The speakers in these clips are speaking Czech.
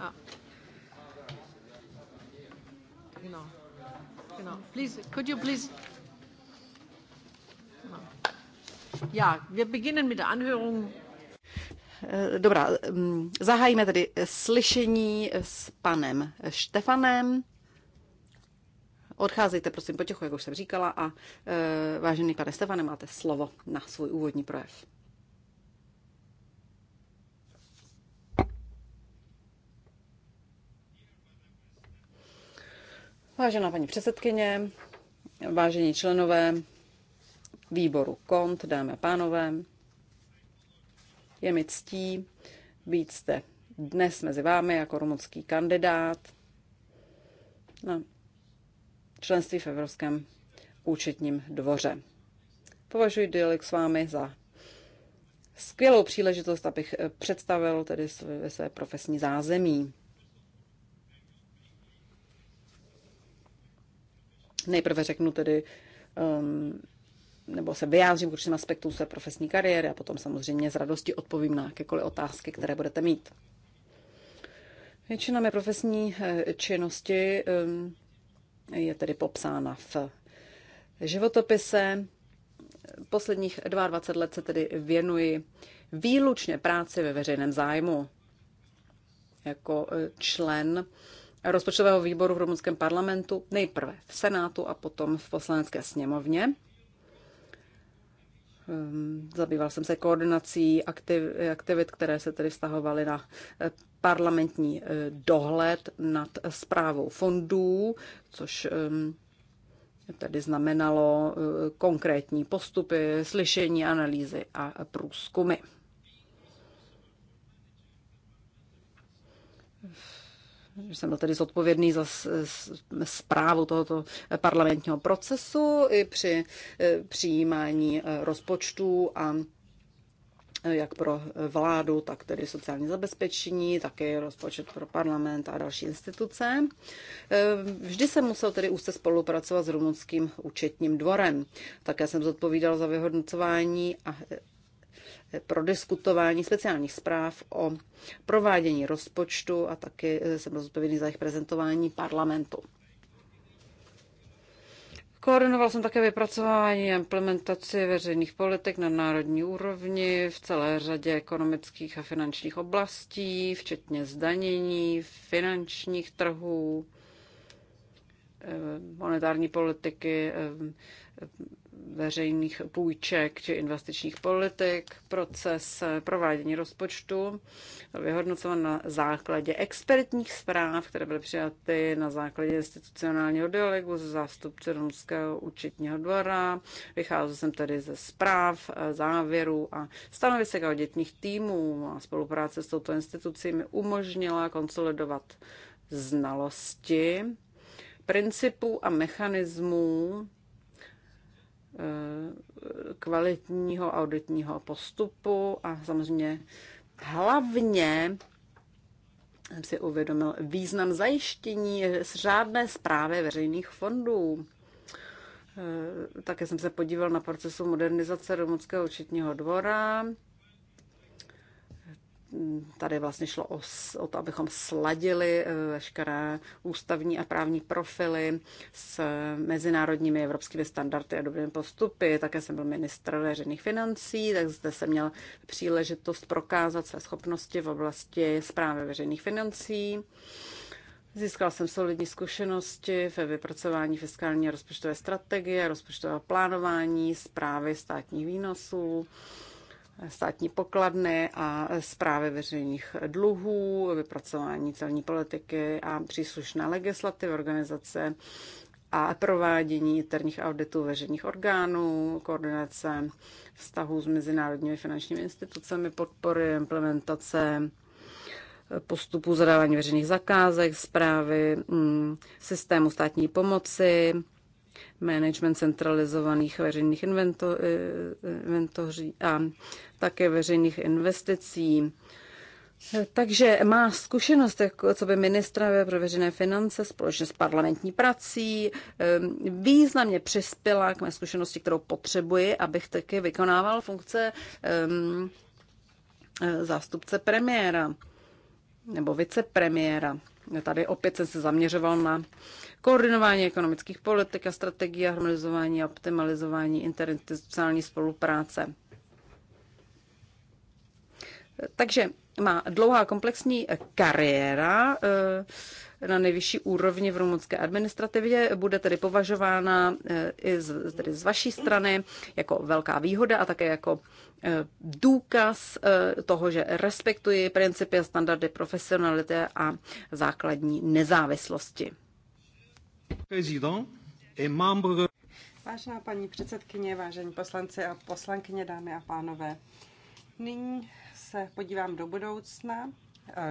Ah. Genau. Genau. Please, could you please... Ja, wir beginnen mit der Anhörung. Eh, dobrá, mm, zahájíme tedy slyšení s panem Štefanem. Odcházejte, prosím, potichu, jak už jsem říkala, a eh, vážený pane Stefane, máte slovo na svůj úvodní projev. Vážená paní předsedkyně, vážení členové výboru KONT, dámy a pánové, je mi ctí být zde dnes mezi vámi jako rumunský kandidát na členství v Evropském účetním dvoře. Považuji dialog s vámi za skvělou příležitost, abych představil tedy své, své profesní zázemí. Nejprve řeknu tedy, um, nebo se vyjádřím k určitým aspektům své profesní kariéry a potom samozřejmě s radostí odpovím na jakékoliv otázky, které budete mít. Většina mé profesní eh, činnosti um, je tedy popsána v životopise. Posledních 22 let se tedy věnuji výlučně práci ve veřejném zájmu. Jako eh, člen rozpočtového výboru v rumunském parlamentu, nejprve v Senátu a potom v poslanecké sněmovně. Ehm, zabýval jsem se koordinací aktiv, aktivit, které se tedy vztahovaly na eh, parlamentní eh, dohled nad zprávou fondů, což ehm, tedy znamenalo eh, konkrétní postupy, slyšení, analýzy a průzkumy. V že jsem byl tedy zodpovědný za zprávu tohoto parlamentního procesu i při eh, přijímání eh, rozpočtů a eh, jak pro vládu, tak tedy sociální zabezpečení, také rozpočet pro parlament a další instituce. Vždy jsem musel tedy úzce spolupracovat s rumunským účetním dvorem. Také jsem zodpovídal za vyhodnocování a pro diskutování speciálních zpráv o provádění rozpočtu a taky eh, jsem rozpovědný za jejich prezentování parlamentu. Koordinoval jsem také vypracování a implementaci veřejných politik na národní úrovni v celé řadě ekonomických a finančních oblastí, včetně zdanění, finančních trhů, eh, monetární politiky, eh, veřejných půjček či investičních politik, proces eh, provádění rozpočtu byl vyhodnocován na základě expertních zpráv, které byly přijaty na základě institucionálního dialogu ze zástupce Romského účetního dvora. Vycházel jsem tedy ze zpráv, eh, závěrů a stanovisek auditních týmů a spolupráce s touto institucí mi umožnila konsolidovat znalosti principů a mechanismů Eh, kvalitního auditního postupu a samozřejmě hlavně jsem si uvědomil význam zajištění řádné zprávy veřejných fondů. Eh, také jsem se podíval na procesu modernizace Rumunského účetního dvora tady vlastně šlo o, o to, abychom sladili eh, veškeré ústavní a právní profily s mezinárodními evropskými standardy a dobrými postupy. Také jsem byl ministr veřejných financí, tak zde jsem měl příležitost prokázat své schopnosti v oblasti zprávy veřejných financí. Získal jsem solidní zkušenosti ve vypracování fiskální a rozpočtové strategie, rozpočtového plánování, zprávy státních výnosů, státní pokladny a zprávy veřejných dluhů, vypracování celní politiky a příslušné legislativy organizace a provádění interních auditů veřejných orgánů, koordinace vztahů s mezinárodními finančními institucemi, podpory, implementace postupů zadávání veřejných zakázek, zprávy mm, systému státní pomoci, management centralizovaných veřejných eh, eh, inventoří a také veřejných investicí. Eh, takže má zkušenost, jako co by ministra pro veřejné finance společně s parlamentní prací významně přispěla k mé zkušenosti, kterou potřebuji, abych taky vykonával funkce ehm, zástupce premiéra nebo vicepremiéra. Tady opět jsem se zaměřoval na koordinování ekonomických politik a strategií a harmonizování a optimalizování interinstitucionální spolupráce. Takže má dlouhá komplexní kariéra eh, na nejvyšší úrovni v rumunské administrativě. Bude tedy považována eh, i z, tedy z vaší strany jako velká výhoda a také jako eh, důkaz eh, toho, že respektuji principy a standardy profesionality a základní nezávislosti. Prezident Vážená paní předsedkyně, vážení poslanci a poslankyně, dámy a pánové, nyní se podívám do budoucna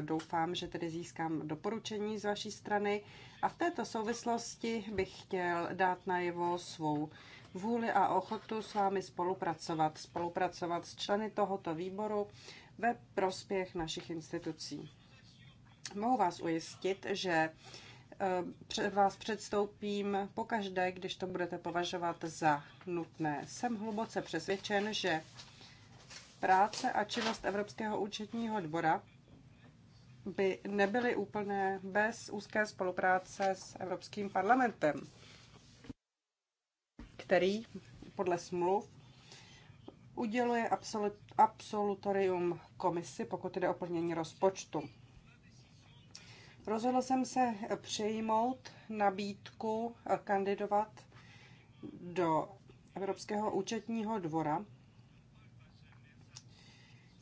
Doufám, že tedy získám doporučení z vaší strany. A v této souvislosti bych chtěl dát najevo svou vůli a ochotu s vámi spolupracovat, spolupracovat s členy tohoto výboru ve prospěch našich institucí. Mohu vás ujistit, že eh, před vás předstoupím pokaždé, když to budete považovat za nutné. Jsem hluboce přesvědčen, že práce a činnost Evropského účetního dvora by nebyly úplné bez úzké spolupráce s Evropským parlamentem, který podle smluv uděluje absolutorium komisi, pokud jde o plnění rozpočtu. Rozhodl jsem se přejmout nabídku kandidovat do Evropského účetního dvora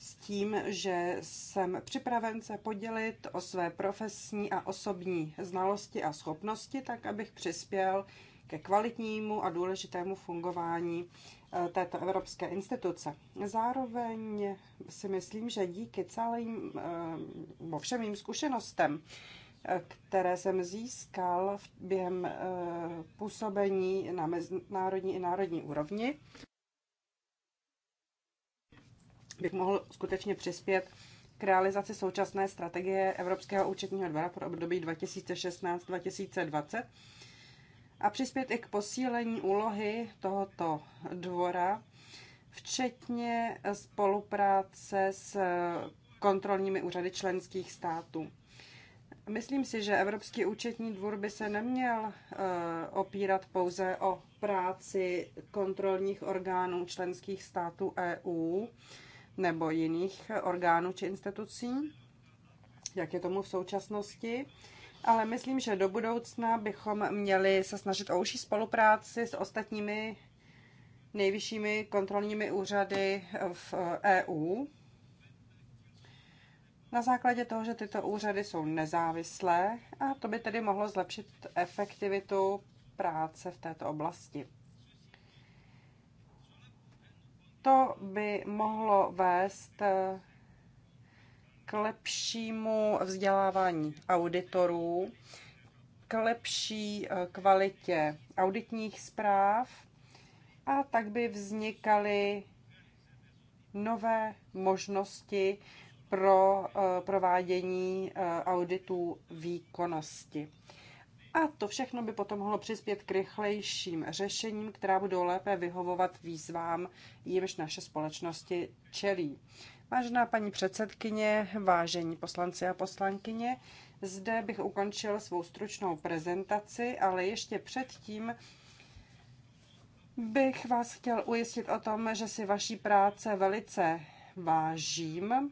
s tím, že jsem připraven se podělit o své profesní a osobní znalosti a schopnosti, tak abych přispěl ke kvalitnímu a důležitému fungování eh, této evropské instituce. Zároveň si myslím, že díky celým, eh, bo všem mým zkušenostem, eh, které jsem získal během působení na mezinárodní i národní úrovni, bych mohl skutečně přispět k realizaci současné strategie Evropského účetního dvora pro období 2016-2020 a přispět i k posílení úlohy tohoto dvora, včetně spolupráce s kontrolními úřady členských států. Myslím si, že Evropský účetní dvůr by se neměl e, opírat pouze o práci kontrolních orgánů členských států EU, nebo jiných orgánů či institucí, jak je tomu v současnosti. Ale myslím, že do budoucna bychom měli se snažit o užší spolupráci s ostatními nejvyššími kontrolními úřady v EU. Na základě toho, že tyto úřady jsou nezávislé a to by tedy mohlo zlepšit efektivitu práce v této oblasti. To by mohlo vést eh, k lepšímu vzdělávání auditorů, k lepší eh, kvalitě auditních zpráv a tak by vznikaly nové možnosti pro eh, provádění auditů výkonnosti. A to všechno by potom mohlo přispět k rychlejším řešením, která budou lépe vyhovovat výzvám, jimž naše společnosti čelí. Vážená paní předsedkyně, vážení poslanci a poslankyně, zde bych ukončil svou stručnou prezentaci, ale ještě předtím bych vás chtěl ujistit o tom, že si vaší práce velice vážím.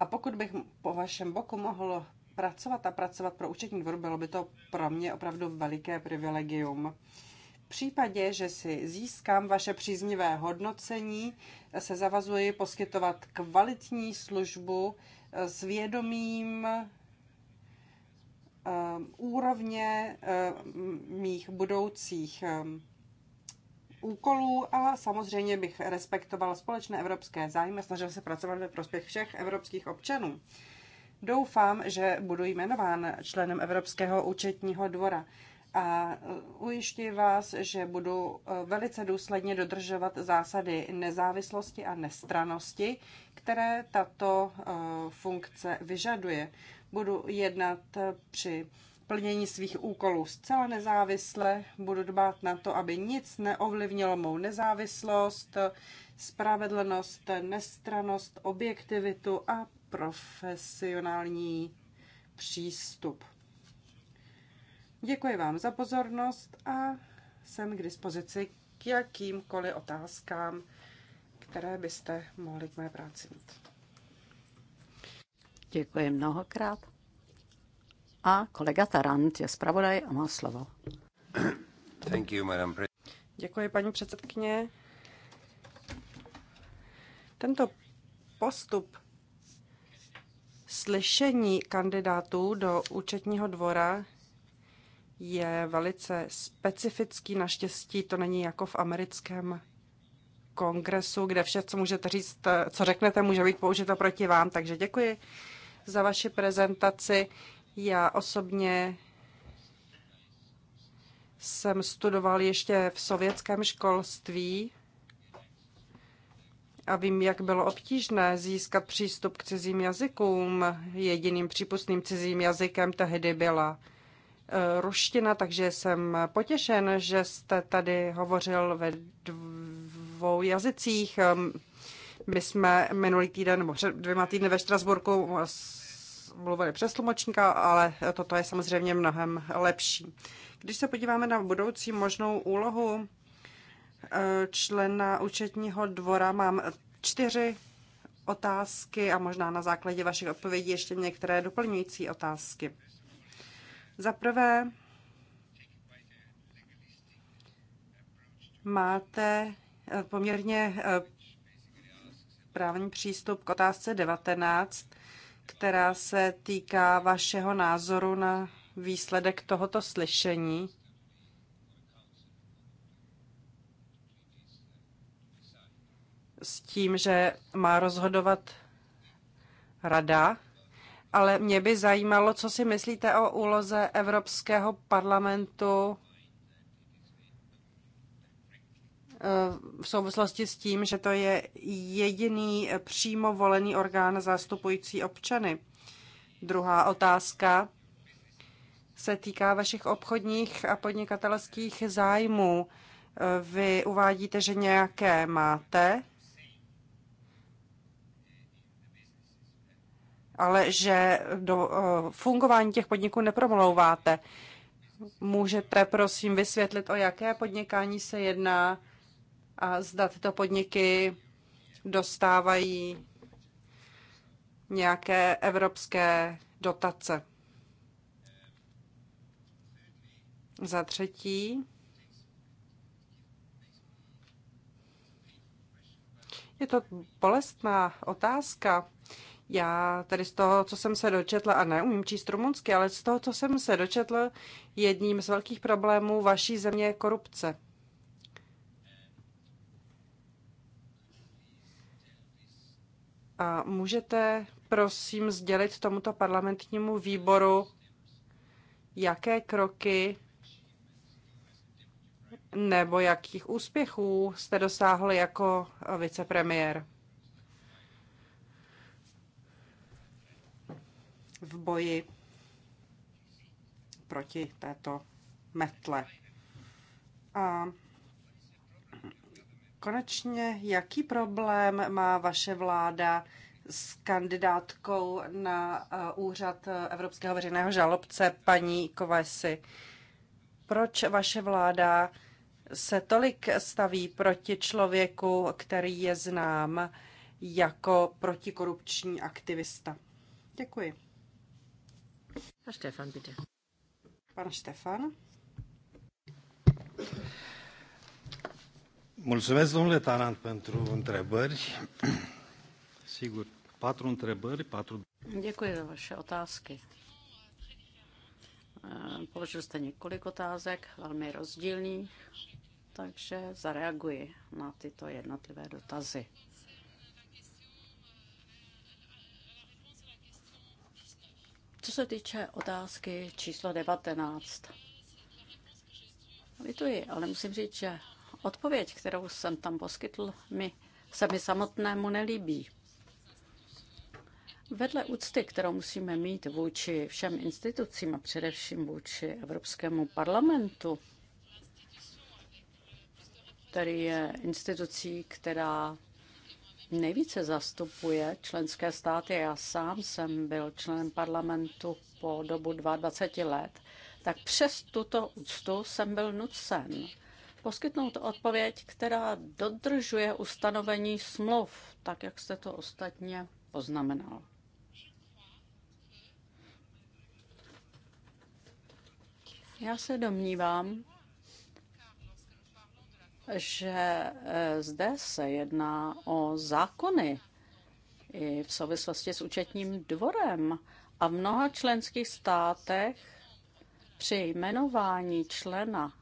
A pokud bych po vašem boku mohl pracovat a pracovat pro účetní dvor, bylo by to pro mě opravdu veliké privilegium. V případě, že si získám vaše příznivé hodnocení, se zavazuji poskytovat kvalitní službu s vědomím um, úrovně um, mých budoucích um, úkolů a samozřejmě bych respektoval společné evropské zájmy a snažil se pracovat ve prospěch všech evropských občanů. Doufám, že budu jmenován členem Evropského účetního dvora a ujišťuji vás, že budu eh, velice důsledně dodržovat zásady nezávislosti a nestranosti, které tato eh, funkce vyžaduje. Budu jednat při plnění svých úkolů zcela nezávisle, budu dbát na to, aby nic neovlivnilo mou nezávislost, spravedlnost, nestranost, objektivitu a profesionální přístup. Děkuji vám za pozornost a jsem k dispozici k jakýmkoliv otázkám, které byste mohli k mé práci mít. Děkuji mnohokrát. A kolega Tarant je zpravodaj a má slovo. Thank you, madam. Děkuji, paní předsedkyně. Tento postup Slyšení kandidátů do účetního dvora je velice specifický. Naštěstí to není jako v americkém kongresu, kde vše, co můžete říct, eh, co řeknete, může být použito proti vám. Takže děkuji za vaši prezentaci. Já osobně jsem studoval ještě v sovětském školství a vím, jak bylo obtížné získat přístup k cizím jazykům. Jediným přípustným cizím jazykem tehdy byla eh, ruština, takže jsem potěšen, že jste tady hovořil ve dvou jazycích. Ehm, my jsme minulý týden, nebo před dvěma týdny ve Štrasburku eh, mluvili přes tlumočníka, ale toto je samozřejmě mnohem lepší. Když se podíváme na budoucí možnou úlohu člena účetního dvora mám čtyři otázky a možná na základě vašich odpovědí ještě některé doplňující otázky. Za prvé, máte eh, poměrně eh, právní přístup k otázce 19, která se týká vašeho názoru na výsledek tohoto slyšení. s tím, že má rozhodovat rada, ale mě by zajímalo, co si myslíte o úloze Evropského parlamentu eh, v souvislosti s tím, že to je jediný přímo volený orgán zastupující občany. Druhá otázka se týká vašich obchodních a podnikatelských zájmů. Eh, vy uvádíte, že nějaké máte, ale že do eh, fungování těch podniků nepromlouváte. Můžete prosím vysvětlit, o jaké podnikání se jedná a zda tyto podniky dostávají nějaké evropské dotace. Za třetí, je to bolestná otázka, já tady z toho, co jsem se dočetla, a neumím číst rumunsky, ale z toho, co jsem se dočetla, jedním z velkých problémů vaší země je korupce. A můžete prosím sdělit tomuto parlamentnímu výboru, jaké kroky nebo jakých úspěchů jste dosáhl jako vicepremiér? v boji proti této metle. A konečně, jaký problém má vaše vláda s kandidátkou na uh, úřad Evropského veřejného žalobce paní Kovesi? Proč vaše vláda se tolik staví proti člověku, který je znám jako protikorupční aktivista? Děkuji. A Stefan, bitte. Pan Stefan. Mulțumesc, domnule Tarant, pentru întrebări. Sigur, patru întrebări, patru... Děkuji za vaše otázky. Eh, položil jste několik otázek, velmi rozdílných, takže zareaguji na tyto jednotlivé dotazy. Co se týče otázky číslo 19. Lituji, ale musím říct, že odpověď, kterou jsem tam poskytl, mi, se mi samotnému nelíbí. Vedle úcty, kterou musíme mít vůči všem institucím a především vůči Evropskému parlamentu, který je institucí, která nejvíce zastupuje členské státy. Já sám jsem byl členem parlamentu po dobu 22 let, tak přes tuto úctu jsem byl nucen poskytnout odpověď, která dodržuje ustanovení smluv, tak jak jste to ostatně poznamenal. Já se domnívám, že eh, zde se jedná o zákony i v souvislosti s účetním dvorem a v mnoha členských státech při jmenování člena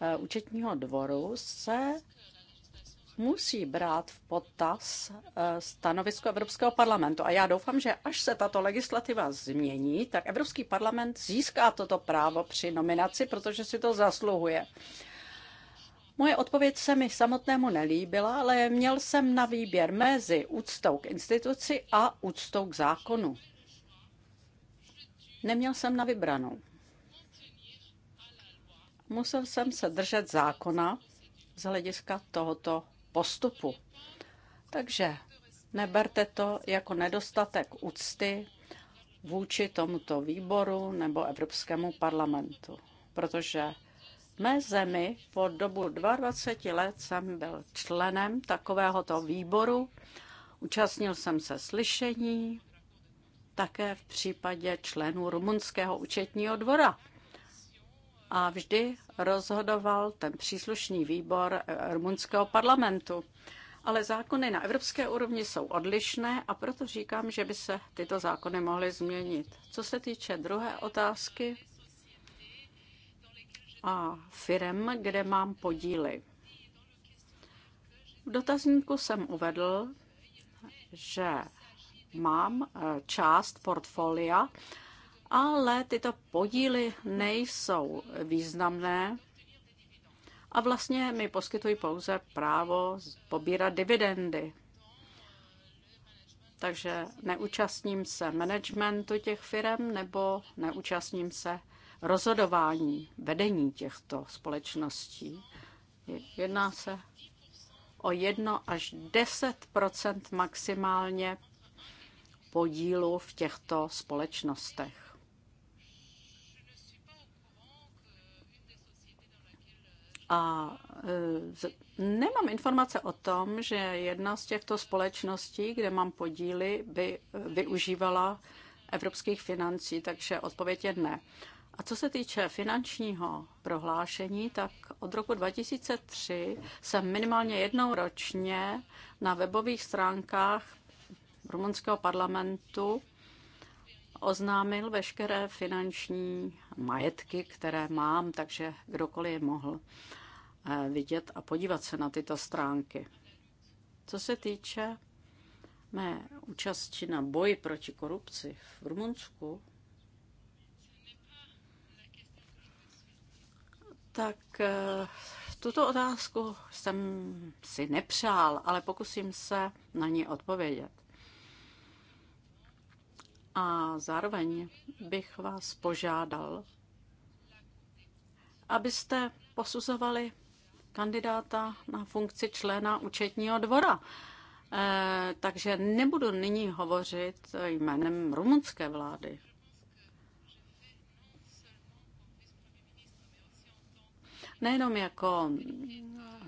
eh, účetního dvoru se musí brát v potaz eh, stanovisko Evropského parlamentu. A já doufám, že až se tato legislativa změní, tak Evropský parlament získá toto právo při nominaci, protože si to zasluhuje. Moje odpověď se mi samotnému nelíbila, ale měl jsem na výběr mezi úctou k instituci a úctou k zákonu. Neměl jsem na vybranou. Musel jsem se držet zákona z hlediska tohoto postupu. Takže neberte to jako nedostatek úcty vůči tomuto výboru nebo Evropskému parlamentu, protože mé zemi po dobu 22 let jsem byl členem takovéhoto výboru. Účastnil jsem se slyšení také v případě členů rumunského účetního dvora. A vždy rozhodoval ten příslušný výbor eh, rumunského parlamentu. Ale zákony na evropské úrovni jsou odlišné a proto říkám, že by se tyto zákony mohly změnit. Co se týče druhé otázky, a firem, kde mám podíly. V dotazníku jsem uvedl, že mám eh, část portfolia, ale tyto podíly nejsou významné a vlastně mi poskytují pouze právo pobírat dividendy. Takže neúčastním se managementu těch firm nebo neúčastním se rozhodování, vedení těchto společností. Jedná se o 1 až 10 maximálně podílu v těchto společnostech. A e, nemám informace o tom, že jedna z těchto společností, kde mám podíly, by využívala evropských financí, takže odpověď je ne. A co se týče finančního prohlášení, tak od roku 2003 jsem minimálně jednou ročně na webových stránkách rumunského parlamentu oznámil veškeré finanční majetky, které mám, takže kdokoliv je mohl eh, vidět a podívat se na tyto stránky. Co se týče mé účasti na boji proti korupci v Rumunsku, tak eh, tuto otázku jsem si nepřál, ale pokusím se na ní odpovědět. A zároveň bych vás požádal, abyste posuzovali kandidáta na funkci člena účetního dvora. Eh, takže nebudu nyní hovořit jménem rumunské vlády, nejenom jako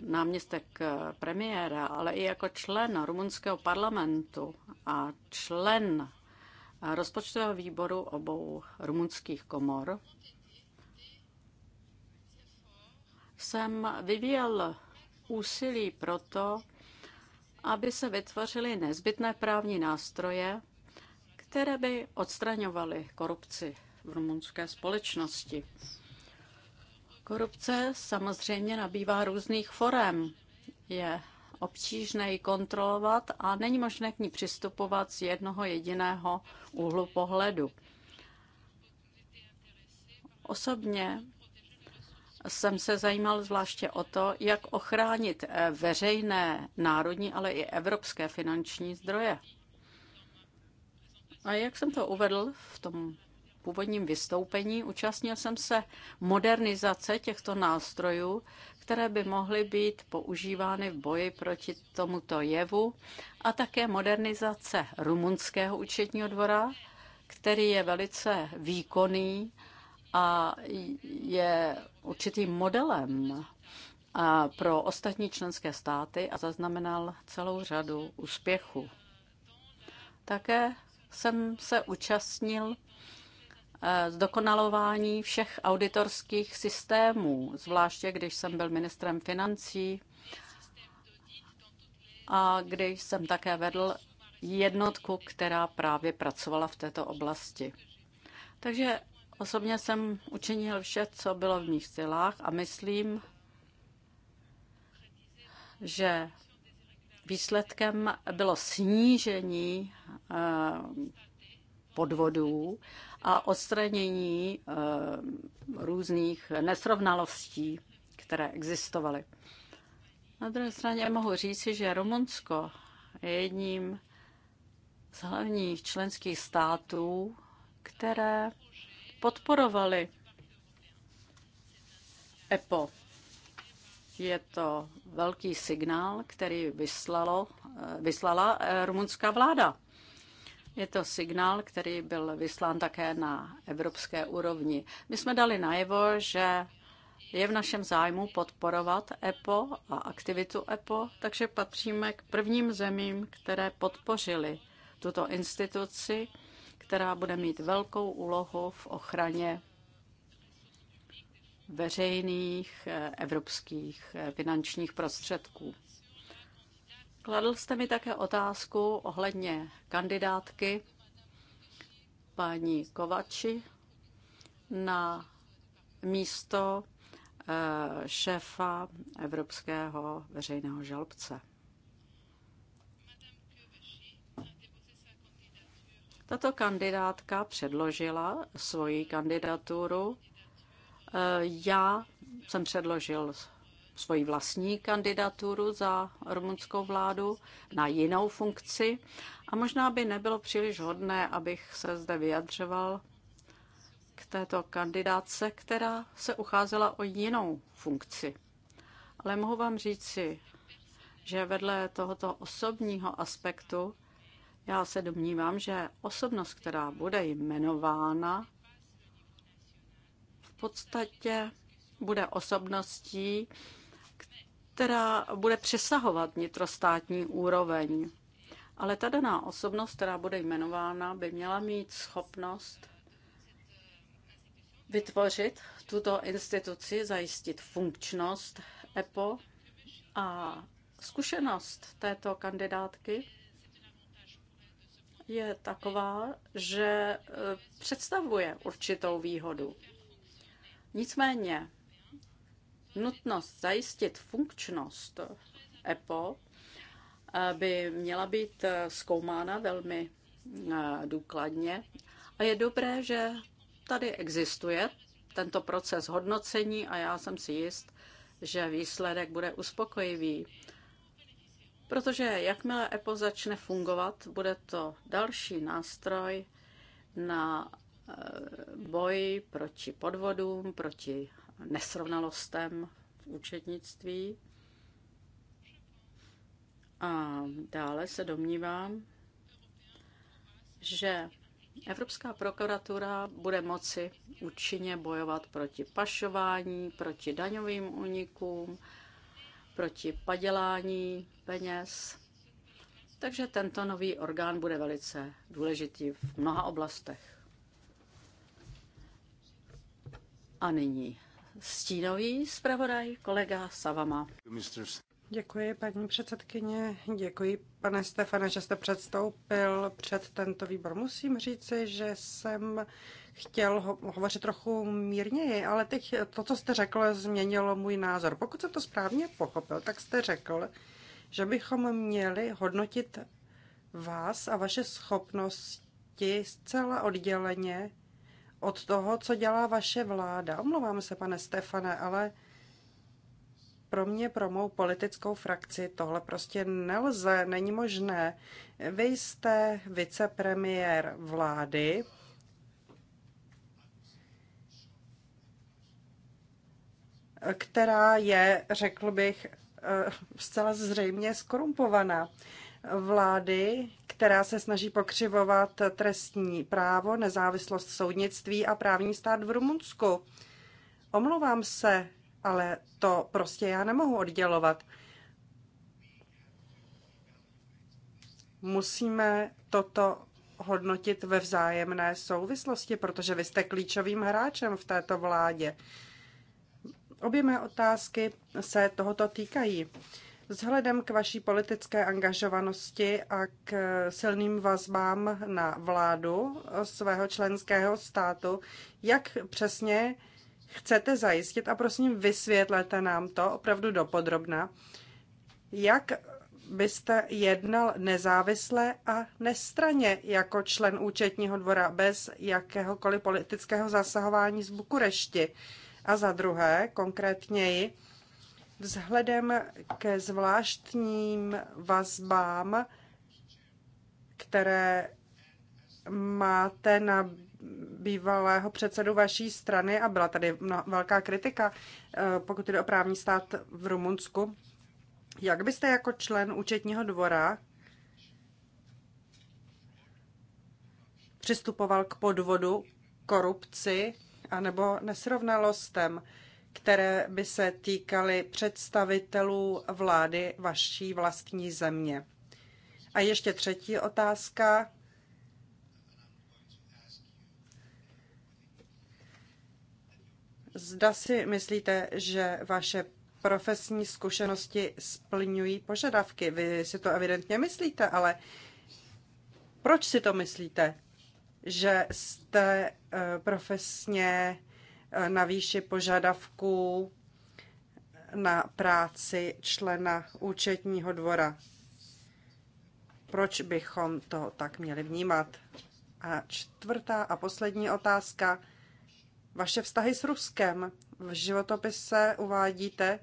náměstek premiéra, ale i jako člen rumunského parlamentu a člen rozpočtového výboru obou rumunských komor jsem vyvíjel úsilí pro to, aby se vytvořily nezbytné právní nástroje, které by odstraňovaly korupci v rumunské společnosti. Korupce samozřejmě nabývá různých forem. Je obtížné ji kontrolovat a není možné k ní přistupovat z jednoho jediného úhlu pohledu. Osobně jsem se zajímal zvláště o to, jak ochránit veřejné národní, ale i evropské finanční zdroje. A jak jsem to uvedl v tom původním vystoupení. Účastnil jsem se modernizace těchto nástrojů, které by mohly být používány v boji proti tomuto jevu a také modernizace rumunského účetního dvora, který je velice výkonný a je určitým modelem pro ostatní členské státy a zaznamenal celou řadu úspěchů. Také jsem se účastnil Eh, zdokonalování všech auditorských systémů, zvláště když jsem byl ministrem financí a když jsem také vedl jednotku, která právě pracovala v této oblasti. Takže osobně jsem učinil vše, co bylo v mých silách a myslím, že výsledkem bylo snížení eh, podvodů a odstranění eh, různých nesrovnalostí, které existovaly. Na druhé straně mohu říci, že Rumunsko je jedním z hlavních členských států, které podporovaly EPO. Je to velký signál, který vyslalo, eh, vyslala eh, rumunská vláda. Je to signál, který byl vyslán také na evropské úrovni. My jsme dali najevo, že je v našem zájmu podporovat EPO a aktivitu EPO, takže patříme k prvním zemím, které podpořili tuto instituci, která bude mít velkou úlohu v ochraně veřejných eh, evropských eh, finančních prostředků. Kladl jste mi také otázku ohledně kandidátky paní Kovači na místo eh, šéfa Evropského veřejného žalobce. Tato kandidátka předložila svoji kandidaturu. Eh, já jsem předložil svoji vlastní kandidaturu za rumunskou vládu na jinou funkci a možná by nebylo příliš hodné, abych se zde vyjadřoval k této kandidáce, která se ucházela o jinou funkci. Ale mohu vám říci, že vedle tohoto osobního aspektu já se domnívám, že osobnost, která bude jmenována, v podstatě bude osobností, která bude přesahovat vnitrostátní úroveň. Ale ta daná osobnost, která bude jmenována, by měla mít schopnost vytvořit tuto instituci, zajistit funkčnost EPO a zkušenost této kandidátky je taková, že eh, představuje určitou výhodu. Nicméně nutnost zajistit funkčnost EPO by měla být eh, zkoumána velmi eh, důkladně. A je dobré, že tady existuje tento proces hodnocení a já jsem si jist, že výsledek bude uspokojivý. Protože jakmile EPO začne fungovat, bude to další nástroj na eh, boj proti podvodům, proti nesrovnalostem v účetnictví. A dále se domnívám, že Evropská prokuratura bude moci účinně bojovat proti pašování, proti daňovým unikům, proti padělání peněz. Takže tento nový orgán bude velice důležitý v mnoha oblastech. A nyní stínový zpravodaj, kolega Savama. Děkuji, paní předsedkyně. Děkuji, pane Stefane, že jste předstoupil před tento výbor. Musím říci, že jsem chtěl ho- hovořit trochu mírněji, ale teď to, co jste řekl, změnilo můj názor. Pokud jsem to správně pochopil, tak jste řekl, že bychom měli hodnotit vás a vaše schopnosti zcela odděleně od toho, co dělá vaše vláda. Omlouvám se, pane Stefane, ale pro mě, pro mou politickou frakci tohle prostě nelze, není možné. Vy jste vicepremiér vlády, která je, řekl bych, eh, zcela zřejmě skorumpovaná vlády, která se snaží pokřivovat trestní právo, nezávislost soudnictví a právní stát v Rumunsku. Omlouvám se, ale to prostě já nemohu oddělovat. Musíme toto hodnotit ve vzájemné souvislosti, protože vy jste klíčovým hráčem v této vládě. Obě mé otázky se tohoto týkají. Vzhledem k vaší politické angažovanosti a k silným vazbám na vládu svého členského státu, jak přesně chcete zajistit, a prosím vysvětlete nám to opravdu dopodrobna, jak byste jednal nezávisle a nestraně jako člen účetního dvora bez jakéhokoliv politického zasahování z Bukurešti? A za druhé, konkrétněji, vzhledem ke zvláštním vazbám, které máte na bývalého předsedu vaší strany a byla tady velká kritika, eh, pokud jde o právní stát v Rumunsku. Jak byste jako člen účetního dvora přistupoval k podvodu, korupci anebo nesrovnalostem? které by se týkaly představitelů vlády vaší vlastní země. A ještě třetí otázka. Zda si myslíte, že vaše profesní zkušenosti splňují požadavky? Vy si to evidentně myslíte, ale proč si to myslíte, že jste eh, profesně Eh, na výši požadavků na práci člena účetního dvora. Proč bychom to tak měli vnímat? A čtvrtá a poslední otázka. Vaše vztahy s Ruskem. V životopise uvádíte,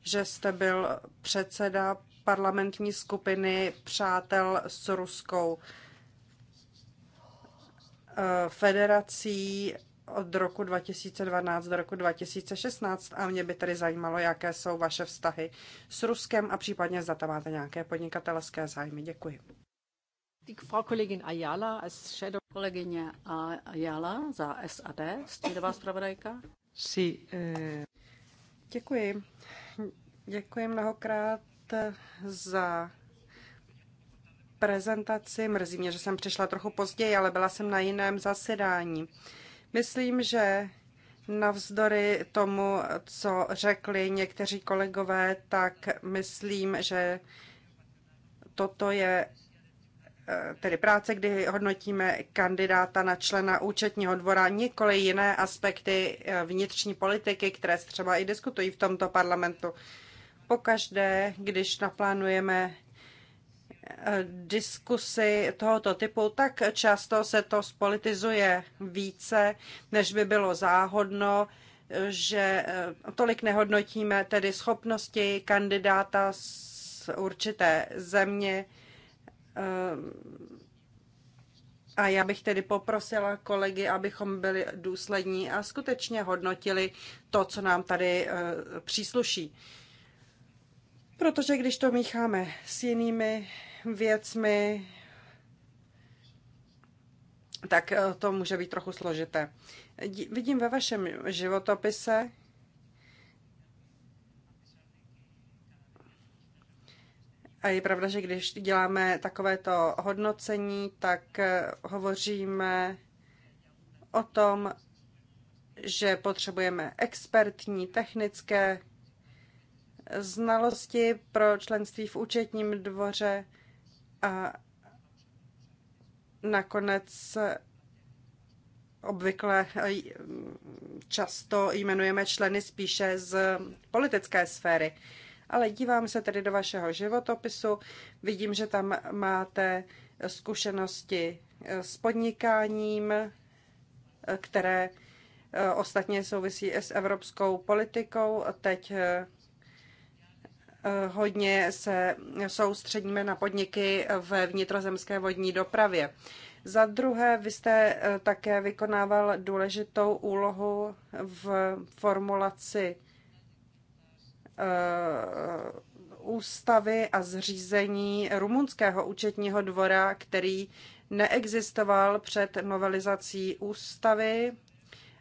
že jste byl předseda parlamentní skupiny Přátel s Ruskou eh, federací od roku 2012 do roku 2016 a mě by tedy zajímalo, jaké jsou vaše vztahy s Ruskem a případně zda tam máte nějaké podnikatelské zájmy. Děkuji. Frau Kollegin Ayala als Shadow. Kolegyně Ayala za SAD, stínová zpravodajka. Sí, eh... Děkuji. Děkuji mnohokrát za prezentaci. Mrzí mě, že jsem přišla trochu později, ale byla jsem na jiném zasedání. Eh, Myslím, že navzdory tomu, co řekli někteří kolegové, tak myslím, že toto je eh, tedy práce, kdy hodnotíme kandidáta na člena účetního dvora, nikoli jiné aspekty eh, vnitřní politiky, které se třeba i diskutují v tomto parlamentu. Pokaždé, když naplánujeme diskusy tohoto typu, tak často se to spolitizuje více, než by bylo záhodno, že eh, tolik nehodnotíme tedy schopnosti kandidáta z určité země. Eh, a já bych tedy poprosila kolegy, abychom byli důslední a skutečně hodnotili to, co nám tady eh, přísluší. Protože když to mícháme s jinými věcmi, tak eh, to může být trochu složité. Vidím ve vašem životopise, A je pravda, že když děláme takovéto hodnocení, tak eh, hovoříme o tom, že potřebujeme expertní technické znalosti pro členství v účetním dvoře a nakonec obvykle eh, často jmenujeme členy spíše z politické sféry. Ale dívám se tedy do vašeho životopisu, vidím, že tam máte zkušenosti eh, s podnikáním, eh, které ostatně souvisí s evropskou politikou. Teď hodně se soustředíme na podniky ve vnitrozemské vodní dopravě. Za druhé, vy jste eh, také vykonával důležitou úlohu v formulaci eh, ústavy a zřízení rumunského účetního dvora, který neexistoval před novelizací ústavy.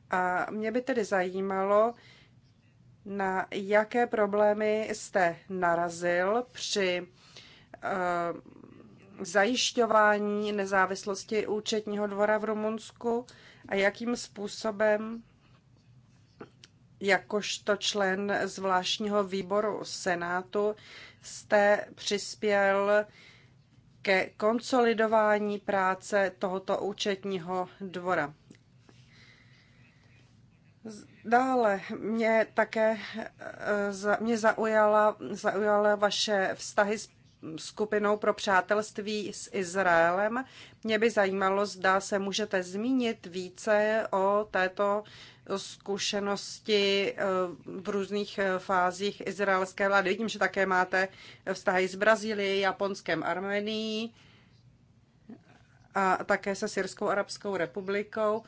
A mě by tedy zajímalo, na jaké problémy jste narazil při eh, zajišťování nezávislosti účetního dvora v Rumunsku a jakým způsobem jakožto člen zvláštního výboru Senátu jste přispěl ke konsolidování práce tohoto účetního dvora. Dále mě také eh, mě zaujala, zaujala vaše vztahy s skupinou pro přátelství s Izraelem. Mě by zajímalo, zda se můžete zmínit více o této zkušenosti eh, v různých eh, fázích izraelské vlády. Vidím, že také máte vztahy s Brazílií, Japonskem, Armenií a také se Syrskou arabskou republikou.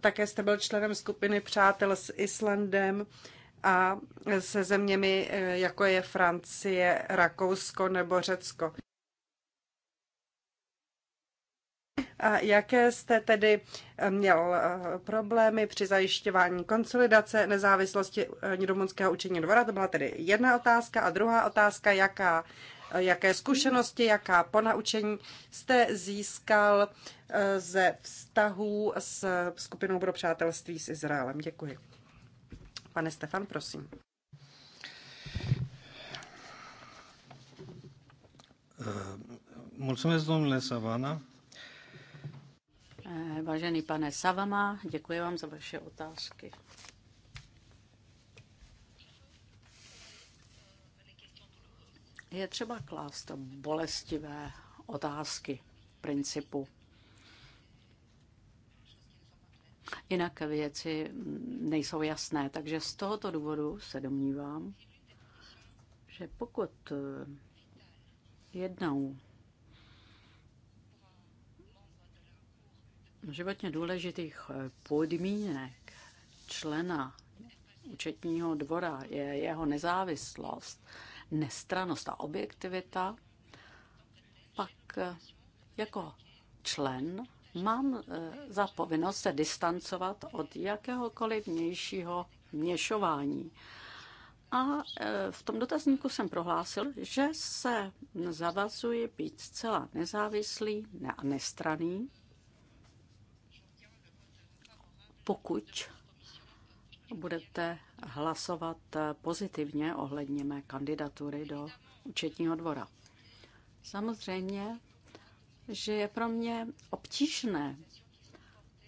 Také jste byl členem skupiny Přátel s Islandem a se zeměmi, eh, jako je Francie, Rakousko nebo Řecko. A jaké jste tedy eh, měl eh, problémy při zajišťování konsolidace nezávislosti rumunského učení dvora? To byla tedy jedna otázka. A druhá otázka, jaká jaké zkušenosti, jaká ponaučení jste získal eh, ze vztahů s skupinou pro přátelství s Izraelem. Děkuji. Pane Stefan, prosím. Eh, mulțumesc, domnule Savana. Eh, vážený pane Savama, děkuji vám za vaše otázky. Je třeba klást bolestivé otázky principu. Jinak věci nejsou jasné, takže z tohoto důvodu se domnívám, že pokud jednou životně důležitých podmínek člena účetního dvora je jeho nezávislost, nestranost a objektivita, pak eh, jako člen mám eh, za povinnost se distancovat od jakéhokoliv vnějšího měšování. A eh, v tom dotazníku jsem prohlásil, že se zavazuji být zcela nezávislý a nestraný, pokud budete hlasovat pozitivně ohledně mé kandidatury do účetního dvora. Samozřejmě, že je pro mě obtížné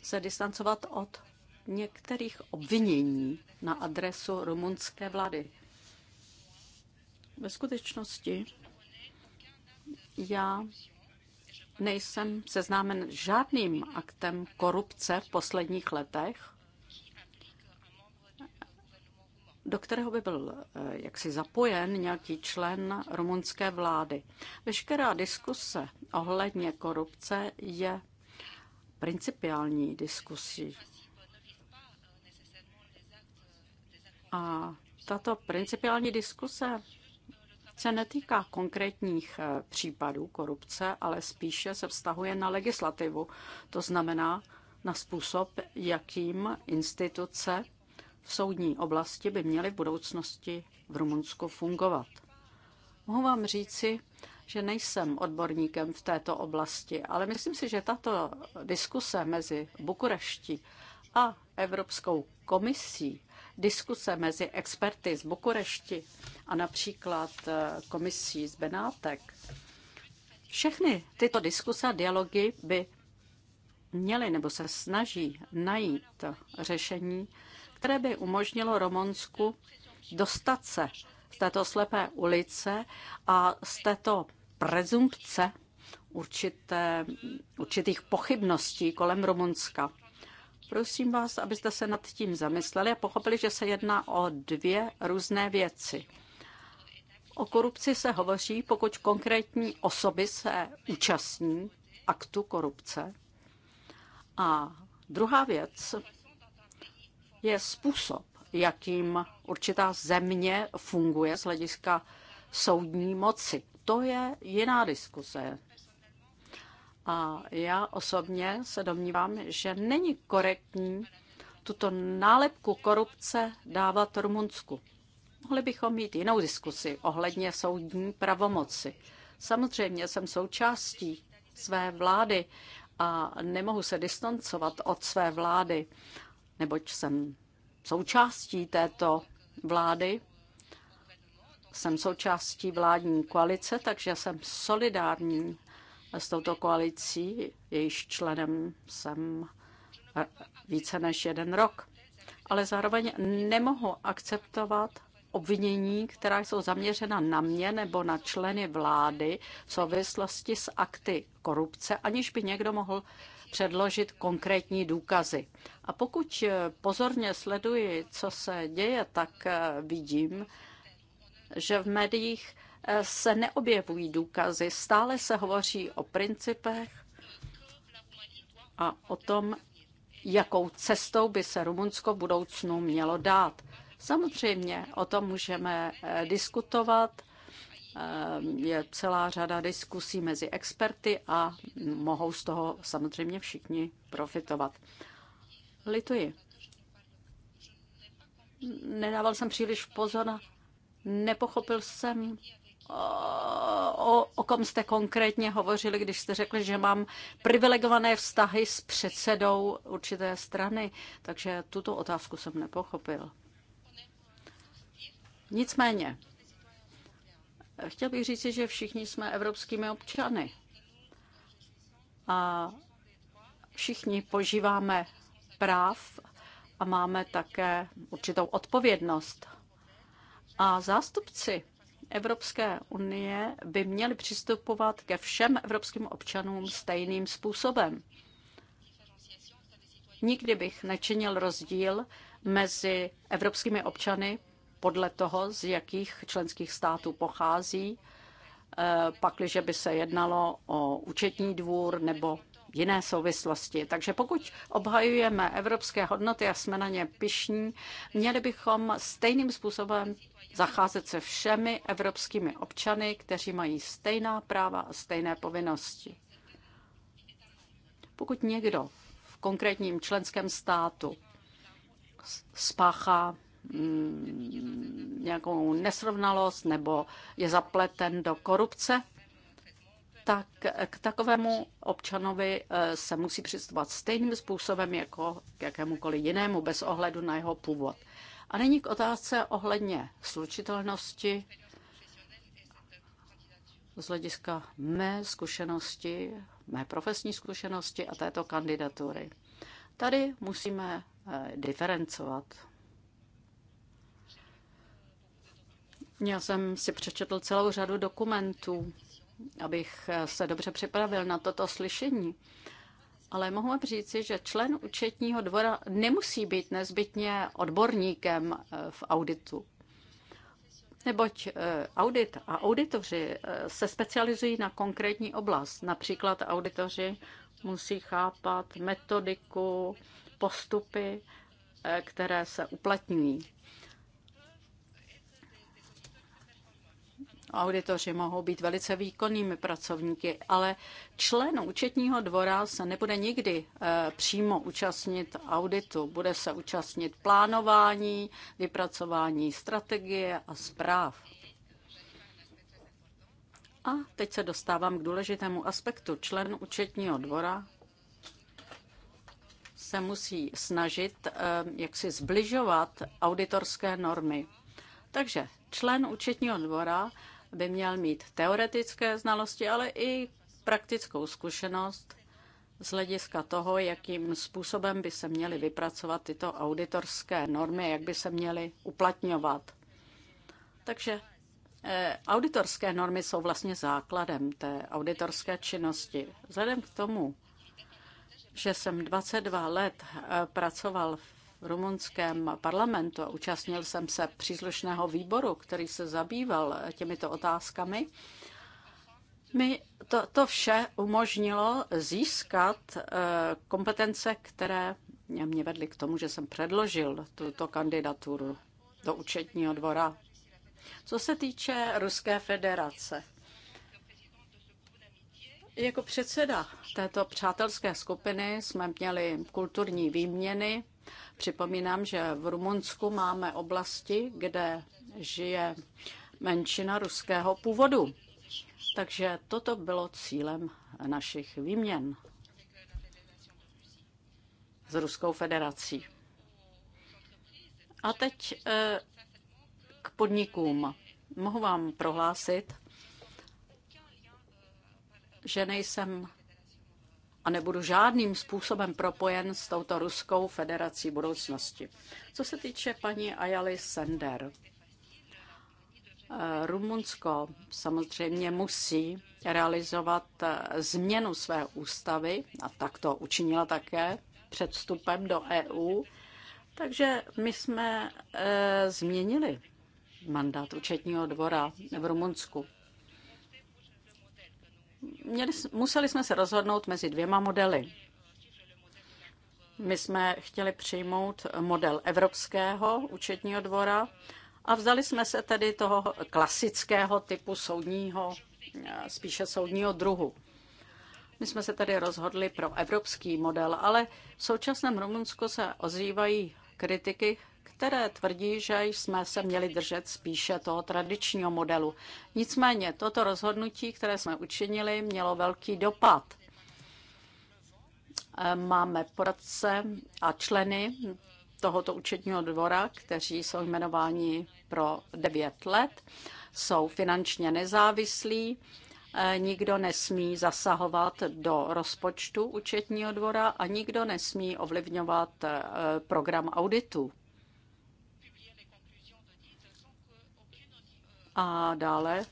se distancovat od některých obvinění na adresu rumunské vlády. Ve skutečnosti já nejsem seznámen žádným aktem korupce v posledních letech do kterého by byl eh, jaksi zapojen nějaký člen rumunské vlády. Veškerá diskuse ohledně korupce je principiální diskusí. A tato principiální diskuse se netýká konkrétních eh, případů korupce, ale spíše se vztahuje na legislativu. To znamená na způsob, jakým instituce v soudní oblasti by měly v budoucnosti v Rumunsku fungovat. Mohu vám říci, že nejsem odborníkem v této oblasti, ale myslím si, že tato diskuse mezi Bukureští a Evropskou komisí, diskuse mezi experty z Bukurešti a například eh, komisí z Benátek, všechny tyto diskuse a dialogy by měly nebo se snaží najít řešení, které by umožnilo Romonsku dostat se z této slepé ulice a z této prezumpce určité, určitých pochybností kolem Rumunska. Prosím vás, abyste se nad tím zamysleli a pochopili, že se jedná o dvě různé věci. O korupci se hovoří, pokud konkrétní osoby se účastní aktu korupce. A druhá věc je způsob, jakým určitá země funguje z hlediska soudní moci. To je jiná diskuse. A já osobně se domnívám, že není korektní tuto nálepku korupce dávat Rumunsku. Mohli bychom mít jinou diskusi ohledně soudní pravomoci. Samozřejmě jsem součástí své vlády a nemohu se distancovat od své vlády neboť jsem součástí této vlády, jsem součástí vládní koalice, takže jsem solidární s touto koalicí, jejíž členem jsem více než jeden rok. Ale zároveň nemohu akceptovat obvinění, která jsou zaměřena na mě nebo na členy vlády v souvislosti s akty korupce, aniž by někdo mohl předložit konkrétní důkazy. A pokud eh, pozorně sleduji, co se děje, tak eh, vidím, že v médiích eh, se neobjevují důkazy. Stále se hovoří o principech a o tom, jakou cestou by se Rumunsko budoucnu mělo dát. Samozřejmě o tom můžeme diskutovat Ehm, je celá řada diskusí mezi experty a mohou z toho samozřejmě všichni profitovat. Lituji. Nedával jsem příliš pozor, nepochopil jsem, eh, o, o kom jste konkrétně hovořili, když jste řekli, že mám privilegované vztahy s předsedou určité strany, takže tuto otázku jsem nepochopil. Nicméně, Chtěl bych říci, že všichni jsme evropskými občany a všichni požíváme práv a máme také určitou odpovědnost. A zástupci Evropské unie by měli přistupovat ke všem evropským občanům stejným způsobem. Nikdy bych nečinil rozdíl mezi evropskými občany podle toho, z jakých členských států pochází, eh, pakliže by se jednalo o účetní dvůr nebo jiné souvislosti. Takže pokud obhajujeme evropské hodnoty a jsme na ně pišní, měli bychom stejným způsobem zacházet se všemi evropskými občany, kteří mají stejná práva a stejné povinnosti. Pokud někdo v konkrétním členském státu spáchá Mm, nějakou nesrovnalost nebo je zapleten do korupce, tak k takovému občanovi eh, se musí přistupovat stejným způsobem jako k jakémukoliv jinému, bez ohledu na jeho původ. A nyní k otázce ohledně slučitelnosti z hlediska mé zkušenosti, mé profesní zkušenosti a této kandidatury. Tady musíme eh, diferencovat Já jsem si přečetl celou řadu dokumentů, abych se dobře připravil na toto slyšení. Ale mohu vám říci, že člen účetního dvora nemusí být nezbytně odborníkem eh, v auditu. Neboť eh, audit a auditoři eh, se specializují na konkrétní oblast. Například auditoři musí chápat metodiku, postupy, které se uplatňují. Auditoři mohou být velice výkonnými pracovníky, ale člen účetního dvora se nebude nikdy eh, přímo účastnit auditu. Bude se účastnit plánování, vypracování strategie a zpráv. A teď se dostávám k důležitému aspektu. Člen účetního dvora se musí snažit, eh, jak si zbližovat auditorské normy. Takže člen účetního dvora by měl mít teoretické znalosti, ale i praktickou zkušenost z hlediska toho, jakým způsobem by se měly vypracovat tyto auditorské normy, jak by se měly uplatňovat. Takže eh, Auditorské normy jsou vlastně základem té auditorské činnosti. Vzhledem k tomu, že jsem 22 let eh, pracoval rumunském parlamentu a účastnil jsem se příslušného výboru, který se zabýval těmito otázkami, mi to, to vše umožnilo získat eh, kompetence, které mě vedly k tomu, že jsem předložil tuto kandidaturu do účetního dvora. Co se týče Ruské federace, jako předseda této přátelské skupiny jsme měli kulturní výměny Připomínám, že v Rumunsku máme oblasti, kde žije menšina ruského původu. Takže toto bylo cílem našich výměn s Ruskou federací. A teď eh, k podnikům. Mohu vám prohlásit, že nejsem a nebudu žádným způsobem propojen s touto Ruskou federací budoucnosti. Co se týče paní Ayali Sender, eh, Rumunsko samozřejmě musí realizovat eh, změnu své ústavy a tak to učinila také před vstupem do EU. Takže my jsme e, změnili mandát účetního dvora v Rumunsku měli, museli jsme se rozhodnout mezi dvěma modely. My jsme chtěli přijmout model Evropského účetního dvora a vzali jsme se tedy toho klasického typu soudního, eh, spíše soudního druhu. My jsme se tedy rozhodli pro evropský model, ale v současném Rumunsku se ozývají kritiky, které tvrdí, že jsme se měli držet spíše toho tradičního modelu. Nicméně toto rozhodnutí, které jsme učinili, mělo velký dopad. Máme poradce a členy tohoto účetního dvora, kteří jsou jmenováni pro 9 let, jsou finančně nezávislí, nikdo nesmí zasahovat do rozpočtu účetního dvora a nikdo nesmí ovlivňovat eh, program auditu. A dále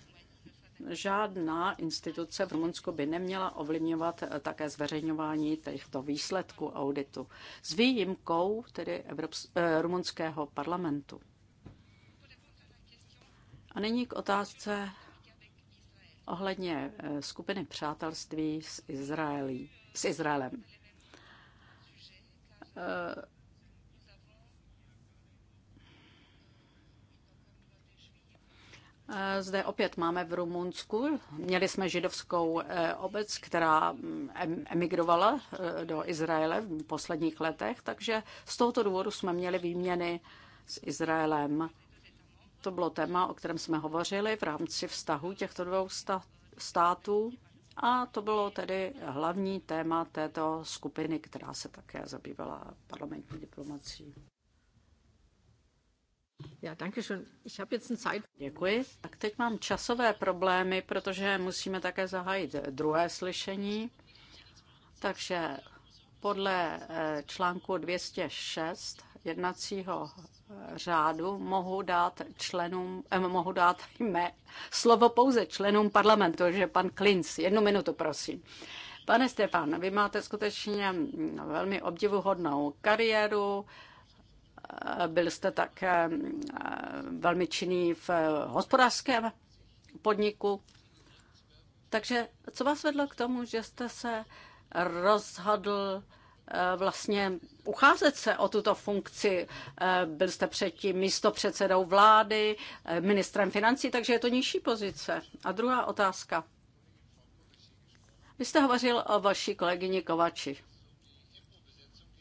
žádná instituce v Rumunsku by neměla ovlivňovat eh, také zveřejňování těchto výsledků auditu, s výjimkou tedy Evrops- eh, rumunského parlamentu. A nyní k otázce ohledně eh, skupiny přátelství s, Izraelí, s Izraelem. Eh, Eh, zde opět máme v Rumunsku, měli jsme židovskou eh, obec, která mm, emigrovala eh, do Izraele v posledních letech, takže z tohoto důvodu jsme měli výměny s Izraelem. To bylo téma, o kterém jsme hovořili v rámci vztahu těchto dvou států a to bylo tedy hlavní téma této skupiny, která se také zabývala parlamentní diplomací danke schön. Ich habe jetzt Zeit. Děkuji. Tak teď mám časové problémy, protože musíme také zahájit druhé slyšení. Takže podle eh, článku 206 jednacího eh, řádu mohu dát členům, eh, mohu dát mé slovo pouze členům parlamentu, že pan Klinc, jednu minutu prosím. Pane Stefan, vy máte skutečně mm, velmi obdivuhodnou kariéru, byl jste tak eh, velmi činný v eh, hospodářském podniku. Takže co vás vedlo k tomu, že jste se rozhodl eh, vlastně ucházet se o tuto funkci. Byl jste předtím místo předsedou vlády, ministrem financí, takže je to nižší pozice. A druhá otázka. Vy jste hovořil o vaší kolegyni Kovači.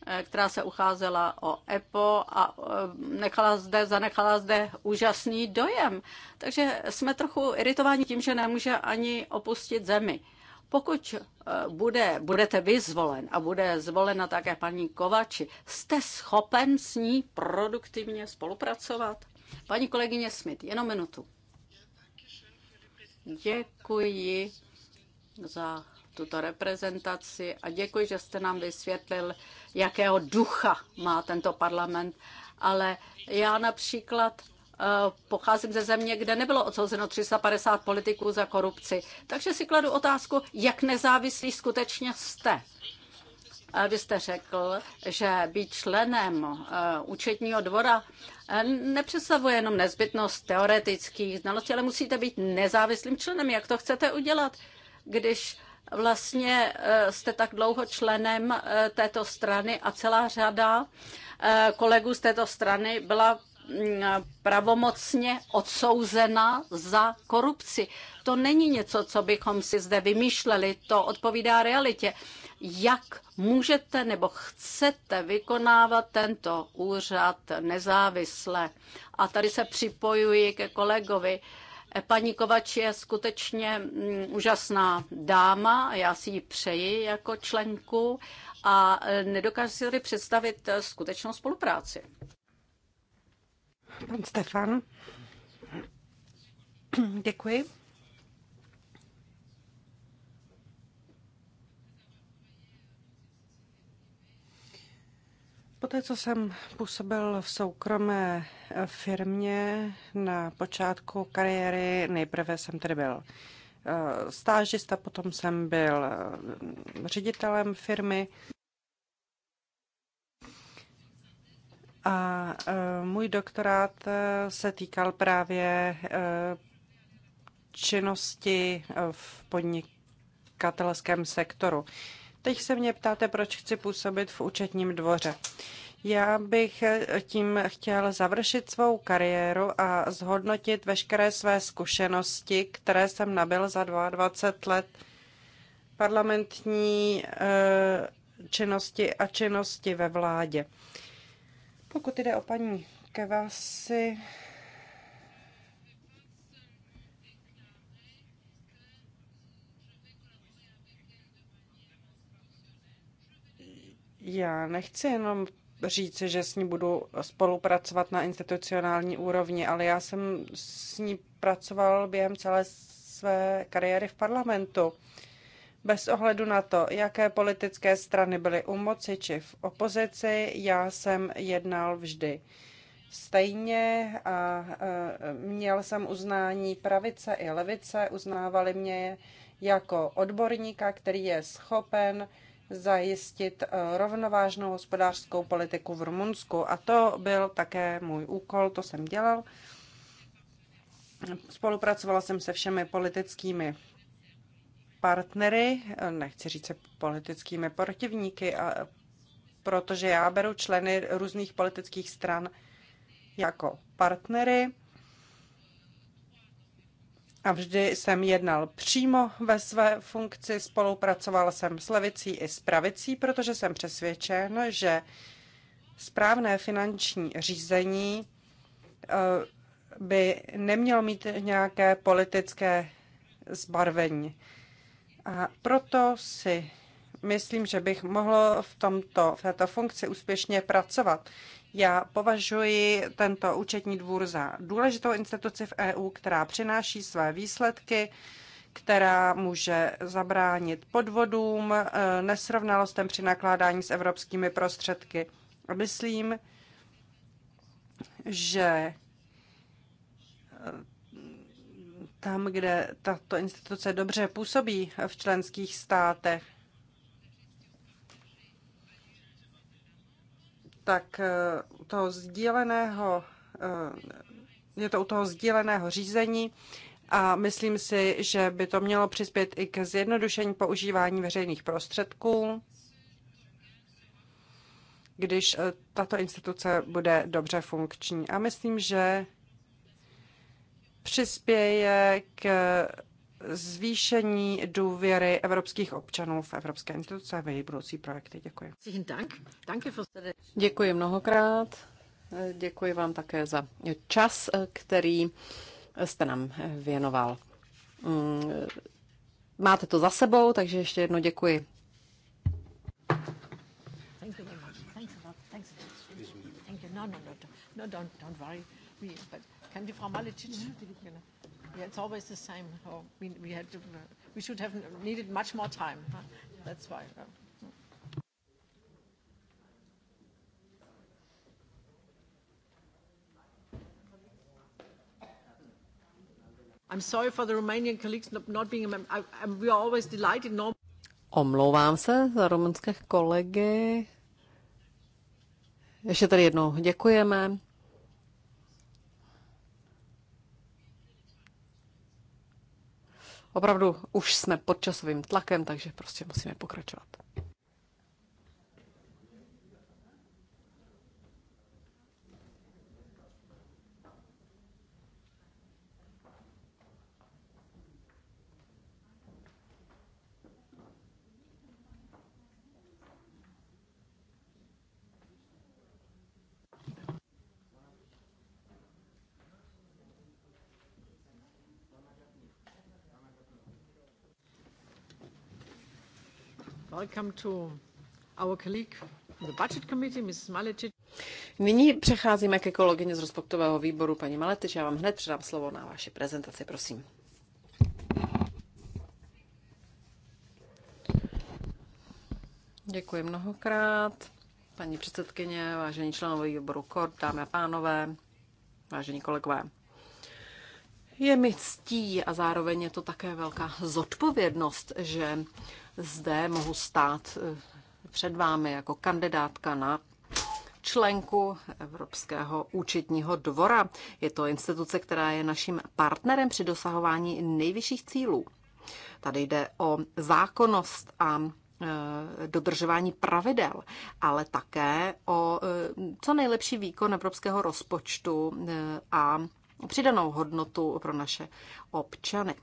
Eh, která se ucházela o EPO a eh, nechala zde, zanechala zde úžasný dojem. Takže jsme trochu iritováni tím, že nemůže ani opustit zemi. Pokud eh, bude, budete vy zvolen a bude zvolena také paní Kovači, jste schopen s ní produktivně spolupracovat? Paní kolegyně Smith, jenom minutu. Děkuji za tuto reprezentaci a děkuji, že jste nám vysvětlil, jakého ducha má tento parlament. Ale já například eh, pocházím ze země, kde nebylo odsouzeno 350 politiků za korupci. Takže si kladu otázku, jak nezávislí skutečně jste. Vy jste řekl, že být členem eh, účetního dvora eh, nepředstavuje jenom nezbytnost teoretických znalostí, ale musíte být nezávislým členem. Jak to chcete udělat, když Vlastně eh, jste tak dlouho členem eh, této strany a celá řada eh, kolegů z této strany byla mm, pravomocně odsouzena za korupci. To není něco, co bychom si zde vymýšleli, to odpovídá realitě. Jak můžete nebo chcete vykonávat tento úřad nezávisle? A tady se připojuji ke kolegovi. Paní Kovač je skutečně mm, úžasná dáma, já si ji přeji jako členku a e, nedokážu si tady představit e, skutečnou spolupráci. Pan Stefan. Děkuji. Poté, co jsem působil v soukromé firmě na počátku kariéry. Nejprve jsem tedy byl eh, stážista, potom jsem byl eh, ředitelem firmy. A eh, můj doktorát se týkal právě činnosti v podnikatelském sektoru. Teď se mě ptáte, proč chci působit v účetním dvoře. Já bych eh, tím chtěl završit svou kariéru a zhodnotit veškeré své zkušenosti, které jsem nabil za 22 let parlamentní eh, činnosti a činnosti ve vládě. Pokud jde o paní Kevasi, já nechci jenom Říci, že s ní budu spolupracovat na institucionální úrovni, ale já jsem s ní pracoval během celé své kariéry v parlamentu. Bez ohledu na to, jaké politické strany byly u moci či v opozici, já jsem jednal vždy stejně a e, měl jsem uznání pravice i levice, uznávali mě jako odborníka, který je schopen zajistit eh, rovnovážnou hospodářskou politiku v Rumunsku. A to byl také můj úkol, to jsem dělal. Spolupracovala jsem se všemi politickými partnery, eh, nechci říct se politickými protivníky, a protože já beru členy různých politických stran jako partnery a vždy jsem jednal přímo ve své funkci, spolupracoval jsem s levicí i s pravicí, protože jsem přesvědčen, že správné finanční řízení eh, by nemělo mít nějaké politické zbarvení. A proto si myslím, že bych mohl v, tomto, v této funkci úspěšně pracovat. Já považuji tento účetní dvůr za důležitou instituci v EU, která přináší své výsledky, která může zabránit podvodům, eh, nesrovnalostem při nakládání s evropskými prostředky. Myslím, že eh, tam, kde tato instituce dobře působí v členských státech, tak eh, u toho sdíleného, eh, je to u toho sdíleného řízení a myslím si, že by to mělo přispět i k zjednodušení používání veřejných prostředků, když eh, tato instituce bude dobře funkční. A myslím, že přispěje k zvýšení důvěry evropských občanů v evropské instituce a v její budoucí projekty. Děkuji. Děkuji mnohokrát. Děkuji vám také za čas, který jste nám věnoval. Mm, máte to za sebou, takže ještě jedno děkuji. No, no, no, no, don't, don't worry. We, but can die Frau Maletic? Mhm. Yeah, it's always the same. Oh, we, we, had to, uh, we should have needed much more time. Huh? Yeah. That's why. Uh, hmm. I'm sorry for the Romanian colleagues not being a member. I, I, we are always delighted. No. Omlouvám se za rumunské kolegy. Ještě tady jednou děkujeme. Opravdu už jsme pod časovým tlakem, takže prostě musíme pokračovat. Nyní přecházíme ke kolegyně z rozpočtového výboru, paní Maletič. Já vám hned předám slovo na vaši prezentaci, prosím. Děkuji mnohokrát. Paní předsedkyně, vážení členové výboru KOR, dámy a pánové, vážení kolegové. Je mi ctí a zároveň je to také velká zodpovědnost, že zde mohu stát eh, před vámi jako kandidátka na členku Evropského účetního dvora. Je to instituce, která je naším partnerem při dosahování nejvyšších cílů. Tady jde o zákonnost a eh, dodržování pravidel, ale také o eh, co nejlepší výkon evropského rozpočtu a přidanou hodnotu pro naše občany.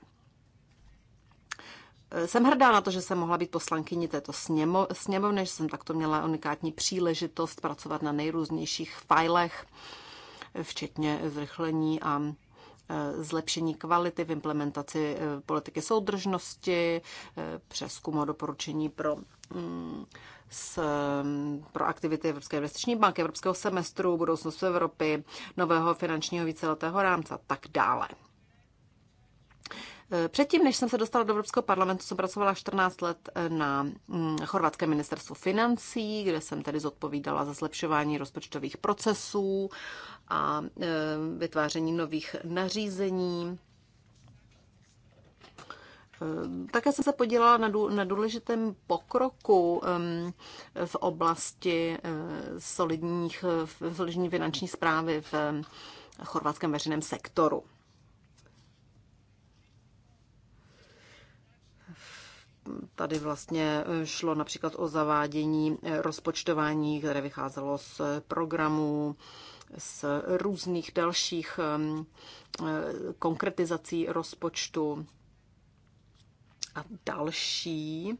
Jsem hrdá na to, že jsem mohla být poslankyní této sněmo, sněmovny, že jsem takto měla unikátní příležitost pracovat na nejrůznějších filech, včetně zrychlení a e, zlepšení kvality v implementaci e, politiky soudržnosti, e, přeskumu doporučení pro, mm, s, pro aktivity Evropské investiční banky, Evropského semestru, budoucnost Evropy, nového finančního víceletého rámce a tak dále. Předtím, než jsem se dostala do Evropského parlamentu, jsem pracovala 14 let eh, na mm, Chorvatském ministerstvu financí, kde jsem tedy zodpovídala za zlepšování rozpočtových procesů a eh, vytváření nových nařízení. Eh, také jsem se podělala na, na důležitém pokroku v oblasti solidních, solidní finanční zprávy v chorvatském veřejném sektoru. Tady vlastně eh, šlo například o zavádění eh, rozpočtování, které vycházelo z programů, z různých dalších ehm, eh, konkretizací rozpočtu a další.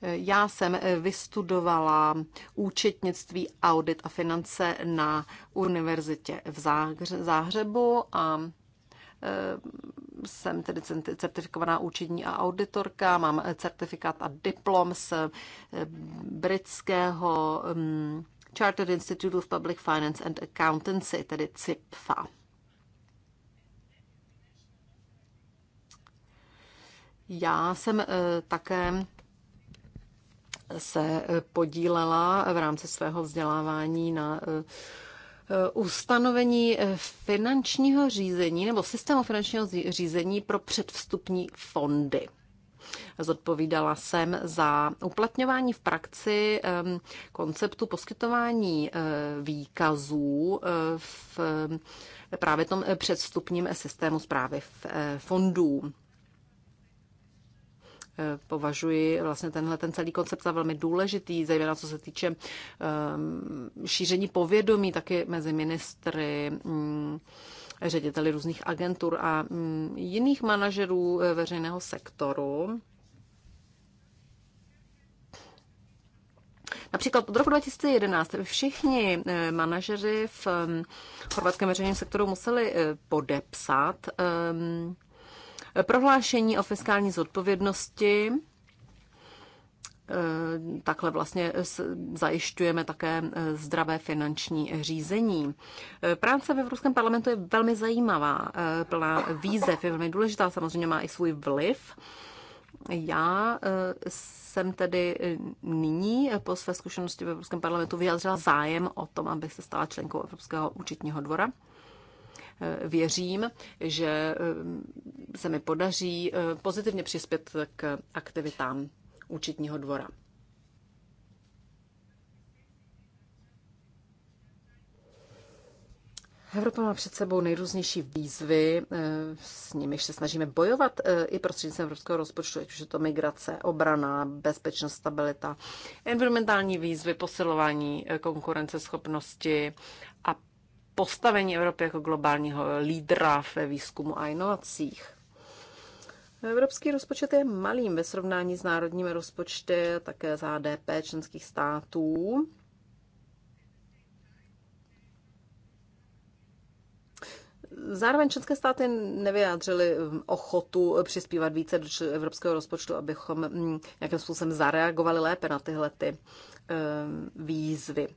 Já jsem vystudovala účetnictví, audit a finance na univerzitě v Záhřebu a jsem tedy certifikovaná účetní a auditorka, mám certifikát a diplom z eh, britského mm, Chartered Institute of Public Finance and Accountancy, tedy CIPFA. Já jsem eh, také se eh, podílela v rámci svého vzdělávání na Eh, ustanovení eh, finančního řízení nebo systému finančního řízení pro předvstupní fondy. Zodpovídala jsem za uplatňování v praxi ehm, konceptu poskytování eh, výkazů v právě tom předstupním systému zprávy fondů považuji vlastně tenhle ten celý koncept za velmi důležitý, zejména co se týče ehm, šíření povědomí taky mezi ministry, mm, řediteli různých agentur a mm, jiných manažerů eh, veřejného sektoru. Například od roku 2011 všichni eh, manažeři v ehm, chorvatském veřejném sektoru museli eh, podepsat ehm, prohlášení o fiskální zodpovědnosti. Eh, takhle vlastně zajišťujeme také eh, zdravé finanční řízení. Eh, práce ve Evropském parlamentu je velmi zajímavá, plná výzev, je velmi důležitá, samozřejmě má i svůj vliv. Já jsem tedy nyní po své zkušenosti v Evropském parlamentu vyjádřila zájem o tom, abych se stala členkou Evropského účetního dvora. Eh, věřím, že eh, se mi podaří eh, pozitivně přispět k aktivitám účetního dvora. Evropa má před sebou nejrůznější výzvy, s nimiž se snažíme bojovat i prostřednictvím evropského rozpočtu, ať už je to migrace, obrana, bezpečnost, stabilita, environmentální výzvy, posilování konkurenceschopnosti, postavení Evropy jako globálního lídra ve výzkumu a inovacích. Evropský rozpočet je malým ve srovnání s národními rozpočty, také s HDP členských států. Zároveň členské státy nevyjádřily ochotu přispívat více do evropského rozpočtu, abychom mm, nějakým způsobem zareagovali lépe na tyhle ty eh, výzvy.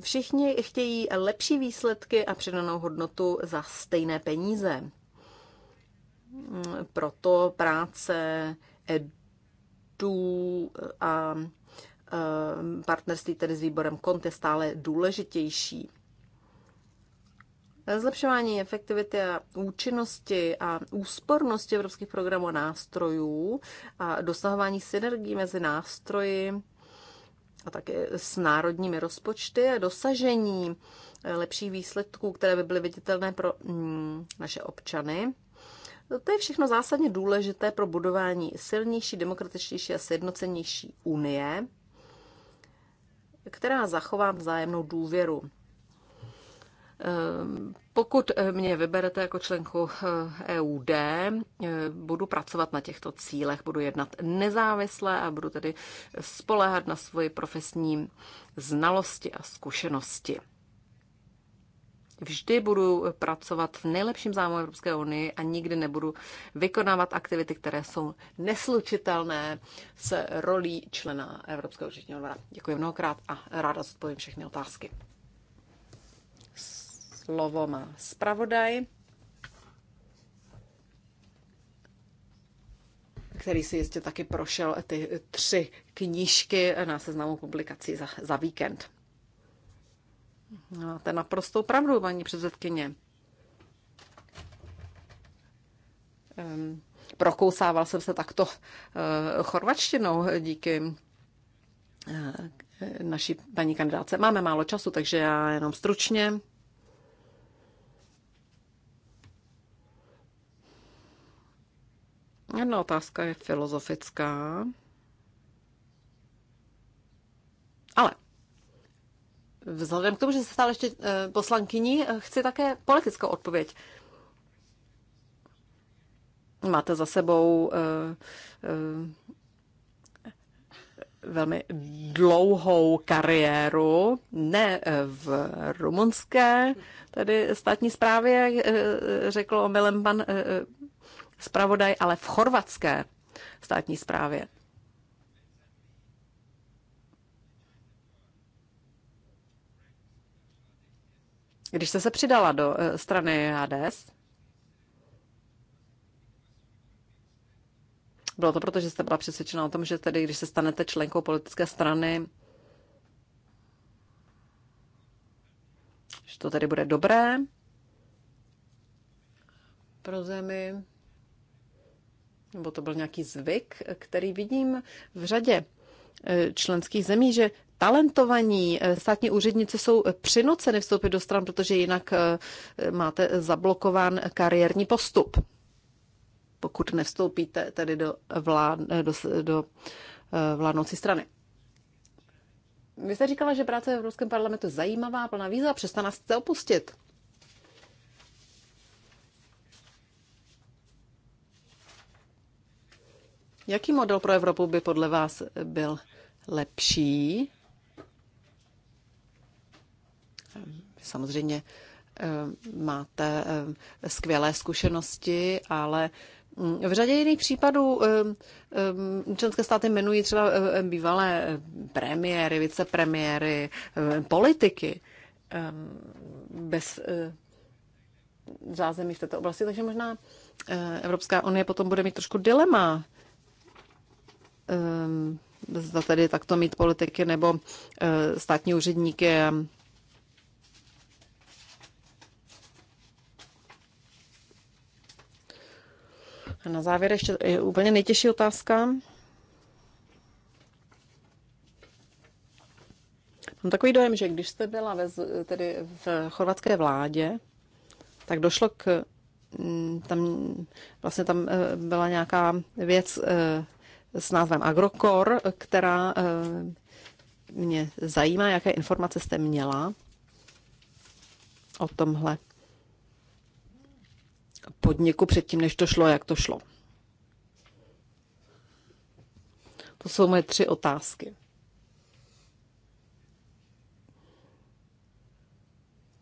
Všichni chtějí lepší výsledky a přidanou hodnotu za stejné peníze. Proto práce EDU a partnerství tedy s výborem KONT je stále důležitější. Zlepšování efektivity a účinnosti a úspornosti evropských programů a nástrojů a dosahování synergií mezi nástroji a také s národními rozpočty a dosažení eh, lepších výsledků, které by byly viditelné pro mm, naše občany. To je všechno zásadně důležité pro budování silnější, demokratičtější a sjednocenější unie, která zachová vzájemnou důvěru. Pokud mě vyberete jako členku EUD, eh, e eh, budu pracovat na těchto cílech, budu jednat nezávisle a budu tedy spoléhat na svoji profesní znalosti a zkušenosti. Vždy budu pracovat v nejlepším zájmu Evropské unie a nikdy nebudu vykonávat aktivity, které jsou neslučitelné s rolí člena Evropského účetního dvora. Děkuji mnohokrát a ráda zodpovím všechny otázky. Slovo má zpravodaj, který si jistě taky prošel ty tři knížky na seznamu publikací za, za víkend. Máte naprostou pravdu, paní předsedkyně. Um, prokousával jsem se takto uh, chorvačtinou díky uh, naší paní kandidáce. Máme málo času, takže já jenom stručně. Jedna otázka je filozofická. Ale vzhledem k tomu, že se stále ještě eh, poslankyní, eh, chci také politickou odpověď. Máte za sebou eh, velmi dlouhou kariéru, ne v rumunské, tedy státní správě, řekl omylem pan zpravodaj, ale v chorvatské státní správě. Když jste se přidala do eh, strany HDS, bylo to proto, že jste byla přesvědčena o tom, že tedy, když se stanete členkou politické strany, že to tedy bude dobré pro zemi nebo to byl nějaký zvyk, který vidím v řadě eh, členských zemí, že talentovaní eh, státní úředníci jsou přinuceny vstoupit do stran, protože jinak eh, máte zablokován kariérní postup. Pokud nevstoupíte tedy do, vlád, do, do vládnoucí strany. Vy jste říkala, že práce v Evropském parlamentu je zajímavá, plná víza, přestane se opustit. Jaký model pro Evropu by podle vás byl lepší? Samozřejmě eh, máte eh, skvělé zkušenosti, ale mm, v řadě jiných případů eh, členské státy jmenují třeba bývalé premiéry, vicepremiéry, politiky bez zázemí v této oblasti, takže možná Evropská unie potom bude mít trošku dilema Ehm, zda tedy takto mít politiky nebo eh, státní úředníky. A na závěr ještě je úplně nejtěžší otázka. Mám takový dojem, že když jste byla ve, tedy v chorvatské vládě, tak došlo k mm, tam vlastně tam eh, byla nějaká věc eh, s názvem Agrokor, která eh, mě zajímá, jaké informace jste měla o tomhle podniku předtím, než to šlo, jak to šlo. To jsou moje tři otázky.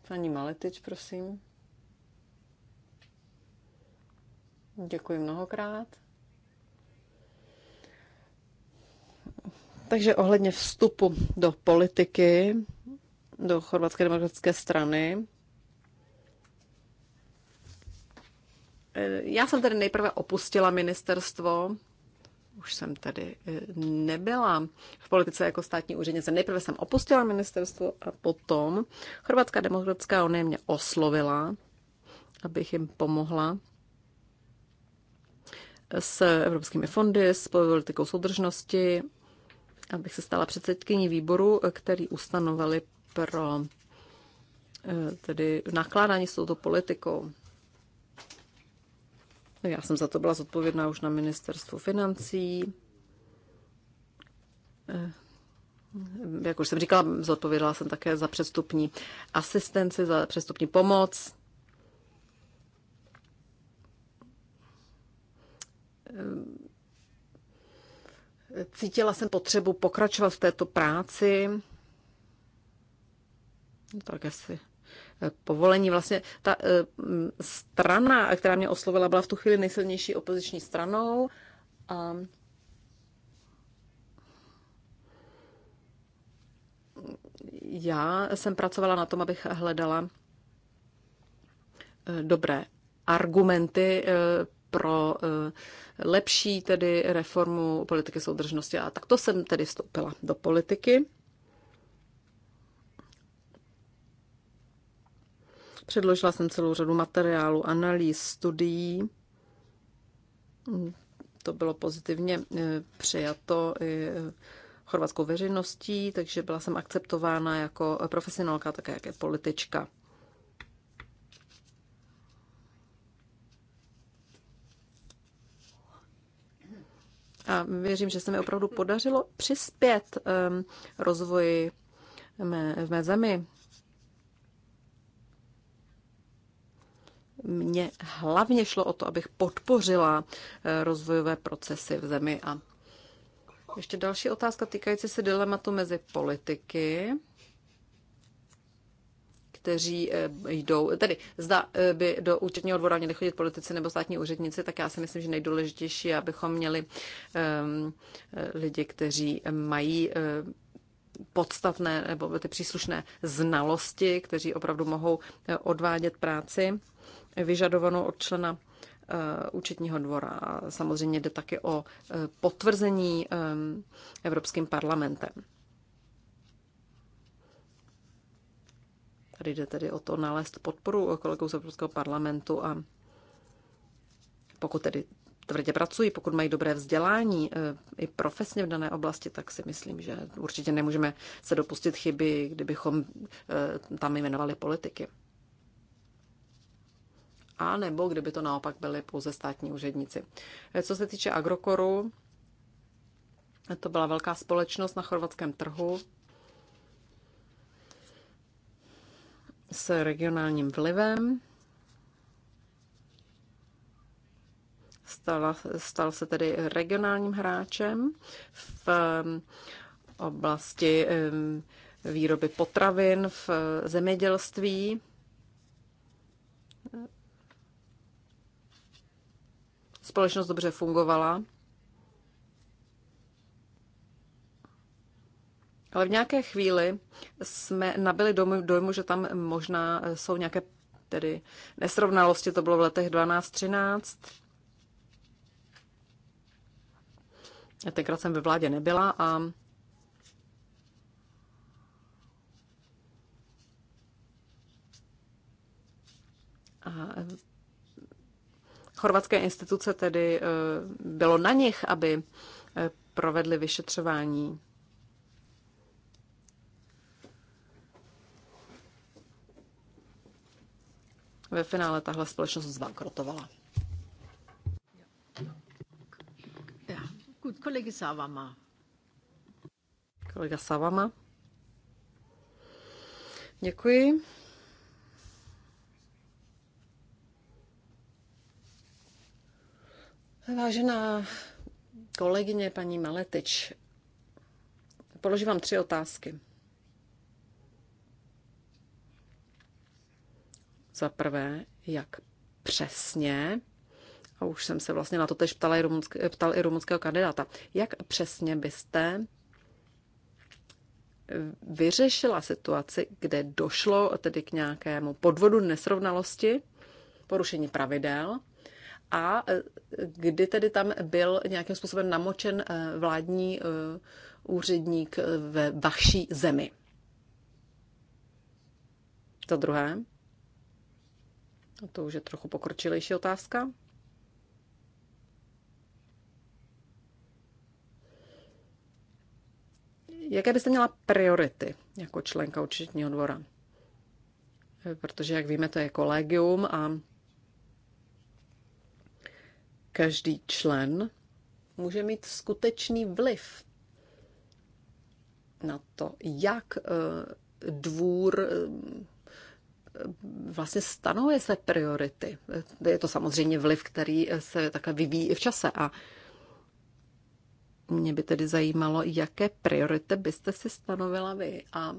Paní Maletič, prosím. Děkuji mnohokrát. Takže ohledně vstupu do politiky, do Chorvatské demokratické strany, eh, já jsem tedy nejprve opustila ministerstvo, už jsem tady eh, nebyla v politice jako státní úřednice. Nejprve jsem opustila ministerstvo a potom Chorvatská demokratická unie mě oslovila, abych jim pomohla s evropskými fondy, s politikou soudržnosti abych se stala předsedkyní výboru, eh, který ustanovali pro eh, tedy nakládání s touto politikou. No, já jsem za to byla zodpovědná už na ministerstvu financí. Eh, jak už jsem říkala, zodpovědala jsem také za přestupní asistenci, za přestupní pomoc. Um, Cítila jsem potřebu pokračovat v této práci. Tak asi eh, povolení. Vlastně ta eh, strana, která mě oslovila, byla v tu chvíli nejsilnější opoziční stranou. A já jsem pracovala na tom, abych hledala eh, dobré argumenty pro eh, lepší tedy reformu politiky soudržnosti. A takto jsem tedy vstoupila do politiky. Předložila jsem celou řadu materiálů, analýz, studií. To bylo pozitivně eh, přijato i eh, chorvatskou veřejností, takže byla jsem akceptována jako profesionálka, také jako politička. A věřím, že se mi opravdu podařilo přispět ehm, rozvoji mé, v mé zemi. Mně hlavně šlo o to, abych podpořila eh, rozvojové procesy v zemi a ještě další otázka týkající se dilematu mezi politiky kteří eh, jdou, tedy zda eh, by do účetního dvora měli chodit politici nebo státní úředníci, tak já si myslím, že nejdůležitější je, abychom měli um, lidi, kteří mají um, podstatné nebo ty příslušné znalosti, kteří opravdu mohou odvádět práci vyžadovanou od člena účetního dvora. Samozřejmě jde také o potvrzení ehm, Evropským parlamentem. Tady jde tedy o to nalézt podporu kolegů z Evropského parlamentu a pokud tedy tvrdě pracují, pokud mají dobré vzdělání eh, i profesně v dané oblasti, tak si myslím, že určitě nemůžeme se dopustit chyby, kdybychom eh, tam jmenovali politiky. A nebo kdyby to naopak byly pouze státní úředníci. Eh, co se týče Agrokoru, to byla velká společnost na chorvatském trhu, s regionálním vlivem. Stala, stal se tedy regionálním hráčem v um, oblasti um, výroby potravin, v uh, zemědělství. Společnost dobře fungovala Ale v nějaké chvíli jsme nabili dojmu, dojmu že tam možná eh, jsou nějaké tedy nesrovnalosti, to bylo v letech 12-13. Já tenkrát jsem ve vládě nebyla a A eh, chorvatské instituce tedy eh, bylo na nich, aby provedly vyšetřování. ve finále tahle společnost zbankrotovala. gut, kolegy Savama. Kolega Savama. Děkuji. Vážená kolegyně paní Maletič, položím vám tři otázky. Za prvé, jak přesně, a už jsem se vlastně na to tež ptala i rumunské, ptal i rumunského kandidáta, jak přesně byste vyřešila situaci, kde došlo tedy k nějakému podvodu nesrovnalosti, porušení pravidel a e, kdy tedy tam byl nějakým způsobem namočen e, vládní e, úředník ve vaší zemi. Za druhé, to už je trochu pokročilejší otázka. Jaké byste měla priority jako členka účetního dvora? Protože, jak víme, to je kolegium a každý člen může mít skutečný vliv na to, jak eh, dvůr eh, vlastně stanovuje své priority. Je to samozřejmě vliv, který se takhle vyvíjí i v čase a mě by tedy zajímalo, jaké priority byste si stanovila vy a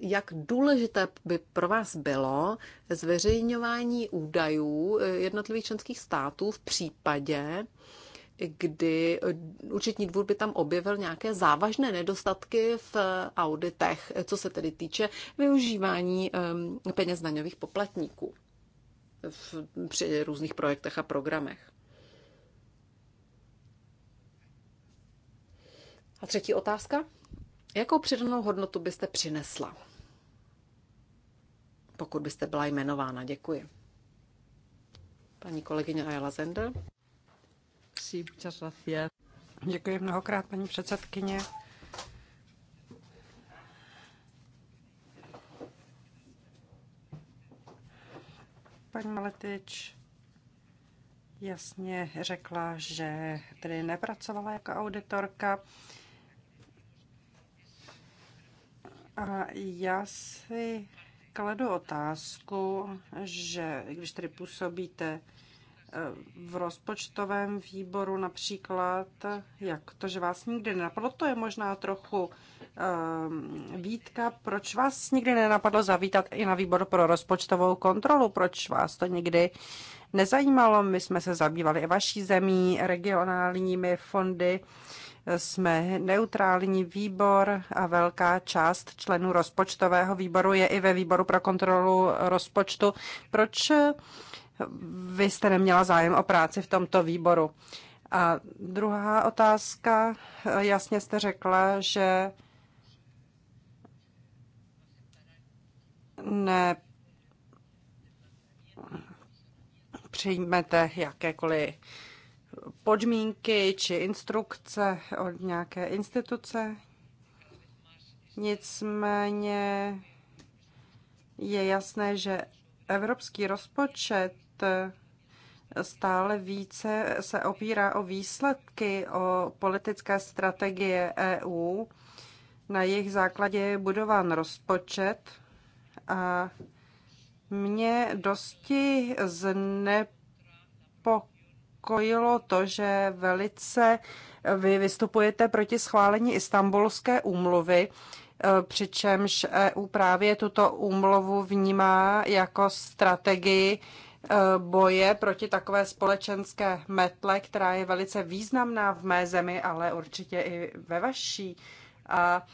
jak důležité by pro vás bylo zveřejňování údajů jednotlivých členských států v případě, kdy eh, účetní dvůr by tam objevil nějaké závažné nedostatky v eh, auditech, eh, co se tedy týče využívání ehm, peněz daňových poplatníků v, při různých projektech a programech. A třetí otázka. Jakou přidanou hodnotu byste přinesla? Pokud byste byla jmenována, děkuji. Paní kolegyně Ayala Zender. Děkuji mnohokrát, paní předsedkyně. Paní Maletič jasně řekla, že tedy nepracovala jako auditorka. A já si kladu otázku, že když tedy působíte v rozpočtovém výboru například, jak to, že vás nikdy nenapadlo, to je možná trochu um, výtka, proč vás nikdy nenapadlo zavítat i na výbor pro rozpočtovou kontrolu, proč vás to nikdy nezajímalo. My jsme se zabývali i vaší zemí, regionálními fondy, jsme neutrální výbor a velká část členů rozpočtového výboru je i ve výboru pro kontrolu rozpočtu. Proč vy jste neměla zájem o práci v tomto výboru. A druhá otázka, jasně jste řekla, že ne přijmete jakékoliv podmínky či instrukce od nějaké instituce. Nicméně je jasné, že evropský rozpočet Eh, stále více se opírá o výsledky, o politické strategie EU. Na jejich základě je budován rozpočet a mě dosti znepokojilo to, že velice vy vystupujete proti schválení Istanbulské úmluvy, eh, přičemž EU právě tuto úmluvu vnímá jako strategii, Eh, boje proti takové společenské metle, která je velice významná v mé zemi, ale určitě i ve vaší. A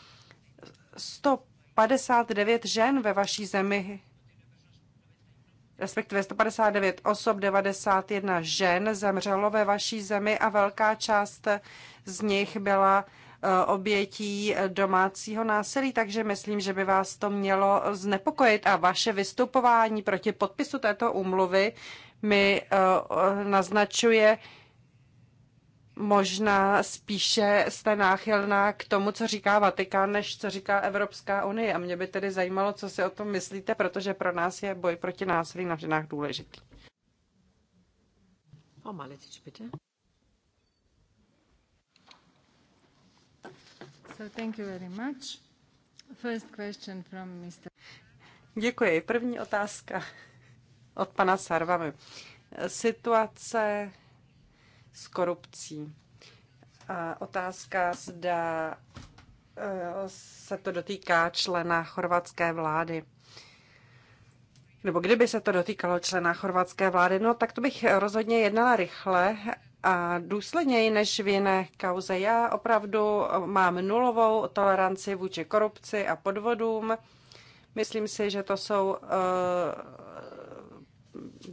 159 žen ve vaší zemi, respektive 159 osob, 91 žen zemřelo ve vaší zemi a velká část z nich byla Eh, obětí eh, domácího násilí, takže myslím, že by vás to mělo znepokojit a vaše vystupování proti podpisu této úmluvy mi eh, naznačuje, možná spíše jste náchylná k tomu, co říká Vatikán, než co říká Evropská unie. A mě by tedy zajímalo, co si o tom myslíte, protože pro nás je boj proti násilí na ženách důležitý. Oh, Maletič, bitte. Děkuji. První otázka od pana Sarvamy. Situace s korupcí. A otázka, zda eh, se to dotýká člena chorvatské vlády. Nebo kdyby se to dotýkalo člena chorvatské vlády, no tak to bych rozhodně jednala rychle a důsledněji než v jiné kauze. Já opravdu mám nulovou toleranci vůči korupci a podvodům. Myslím si, že to jsou eh,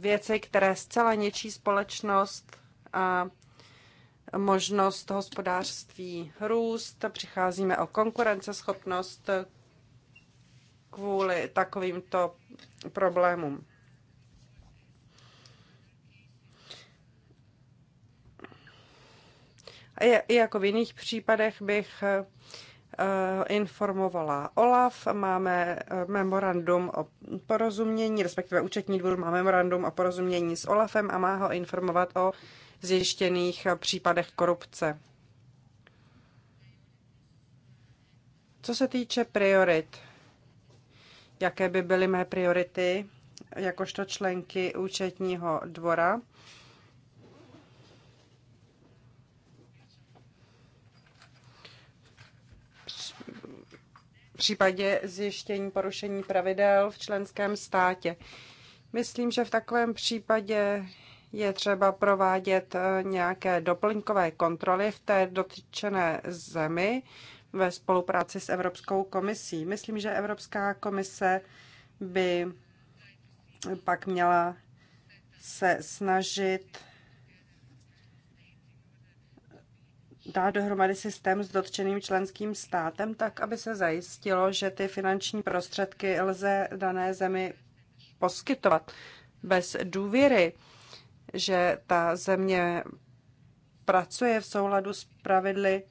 věci, které zcela něčí společnost a možnost hospodářství růst. Přicházíme o konkurenceschopnost kvůli takovýmto problémům. I jako v jiných případech bych eh, informovala OLAF, máme eh, memorandum o porozumění, respektive účetní dvůr má memorandum o porozumění s OLAFem a má ho informovat o zjištěných eh, případech korupce. Co se týče priorit, jaké by byly mé priority jakožto členky účetního dvora? případě zjištění porušení pravidel v členském státě. Myslím, že v takovém případě je třeba provádět eh, nějaké doplňkové kontroly v té dotyčené zemi ve spolupráci s Evropskou komisí. Myslím, že Evropská komise by pak měla se snažit dá dohromady systém s dotčeným členským státem, tak aby se zajistilo, že ty finanční prostředky lze dané zemi poskytovat bez důvěry, že ta země pracuje v souladu s pravidly.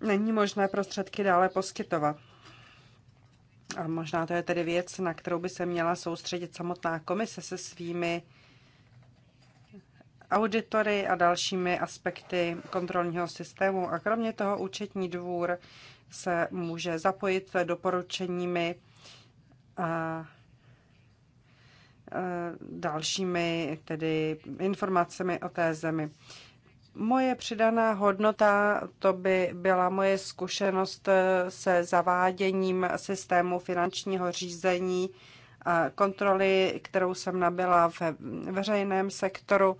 Není možné prostředky dále poskytovat. A možná to je tedy věc, na kterou by se měla soustředit samotná komise se svými auditory a dalšími aspekty kontrolního systému. A kromě toho účetní dvůr se může zapojit doporučeními a dalšími tedy informacemi o té zemi. Moje přidaná hodnota to by byla moje zkušenost se zaváděním systému finančního řízení a kontroly, kterou jsem nabyla ve veřejném sektoru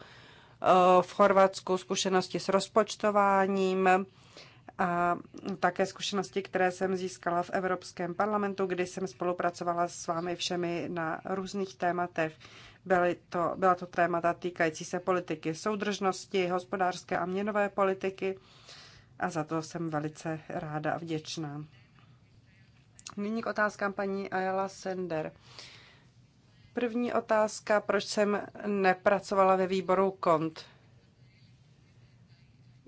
Eh, v Chorvatsku zkušenosti s rozpočtováním a také zkušenosti, které jsem získala v Evropském parlamentu, kdy jsem spolupracovala s vámi všemi na různých tématech. Byly to, byla to témata týkající se politiky soudržnosti, hospodářské a měnové politiky a za to jsem velice ráda a vděčná. Nyní k otázkám paní Ayala Sender. Uh, První otázka, proč jsem nepracovala ve výboru KONT.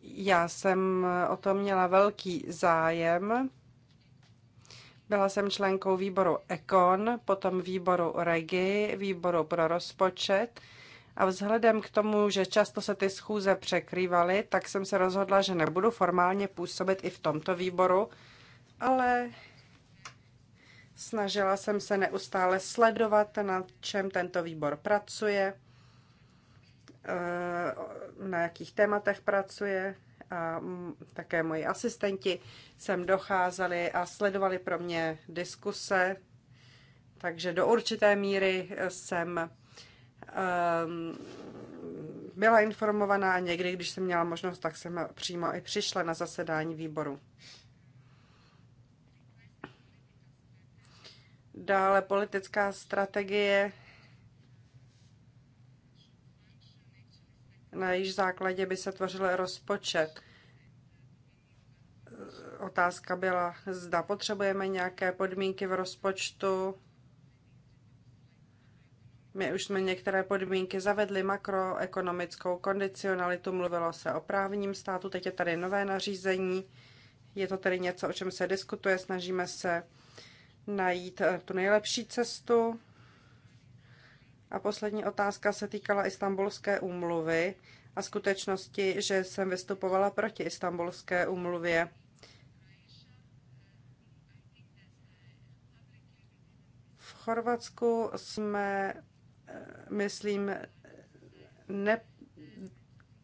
Já jsem o to měla velký zájem. Byla jsem členkou výboru Ekon, potom výboru Regi, výboru pro rozpočet. A vzhledem k tomu, že často se ty schůze překrývaly, tak jsem se rozhodla, že nebudu formálně působit i v tomto výboru, ale Snažila jsem se neustále sledovat, na čem tento výbor pracuje, eh, na jakých tématech pracuje. A mm, také moji asistenti sem docházeli a sledovali pro mě diskuse, takže do určité míry jsem ehm, byla informovaná a někdy, když jsem měla možnost, tak jsem přímo i přišla na zasedání výboru. Dále politická strategie, na jejíž základě by se tvořil rozpočet. Otázka byla, zda potřebujeme nějaké podmínky v rozpočtu. My už jsme některé podmínky zavedli, makroekonomickou kondicionalitu, mluvilo se o právním státu, teď je tady nové nařízení. Je to tedy něco, o čem se diskutuje, snažíme se najít eh, tu nejlepší cestu. A poslední otázka se týkala Istanbulské úmluvy a skutečnosti, že jsem vystupovala proti Istanbulské úmluvě. V Chorvatsku jsme, eh, myslím, ne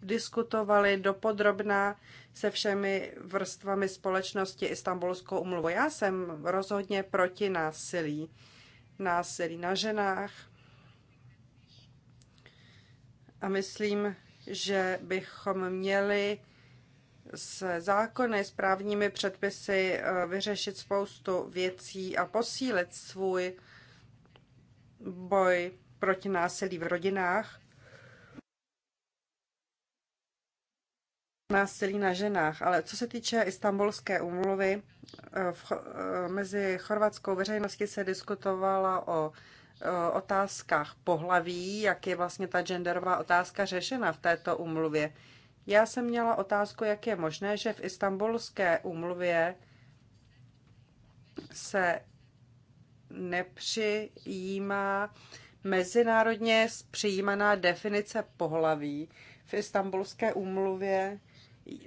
diskutovali dopodrobná se všemi vrstvami společnosti Istanbulskou umluvu. Já jsem rozhodně proti násilí. Násilí na ženách. A myslím, že bychom měli s zákony, s právními předpisy eh, vyřešit spoustu věcí a posílit svůj boj proti násilí v rodinách násilí na ženách. Ale co se týče istambulské úmluvy, eh, eh, mezi chorvatskou veřejností se diskutovala o eh, otázkách pohlaví, jak je vlastně ta genderová otázka řešena v této úmluvě. Já jsem měla otázku, jak je možné, že v istambulské úmluvě se nepřijímá mezinárodně přijímaná definice pohlaví. V istambulské úmluvě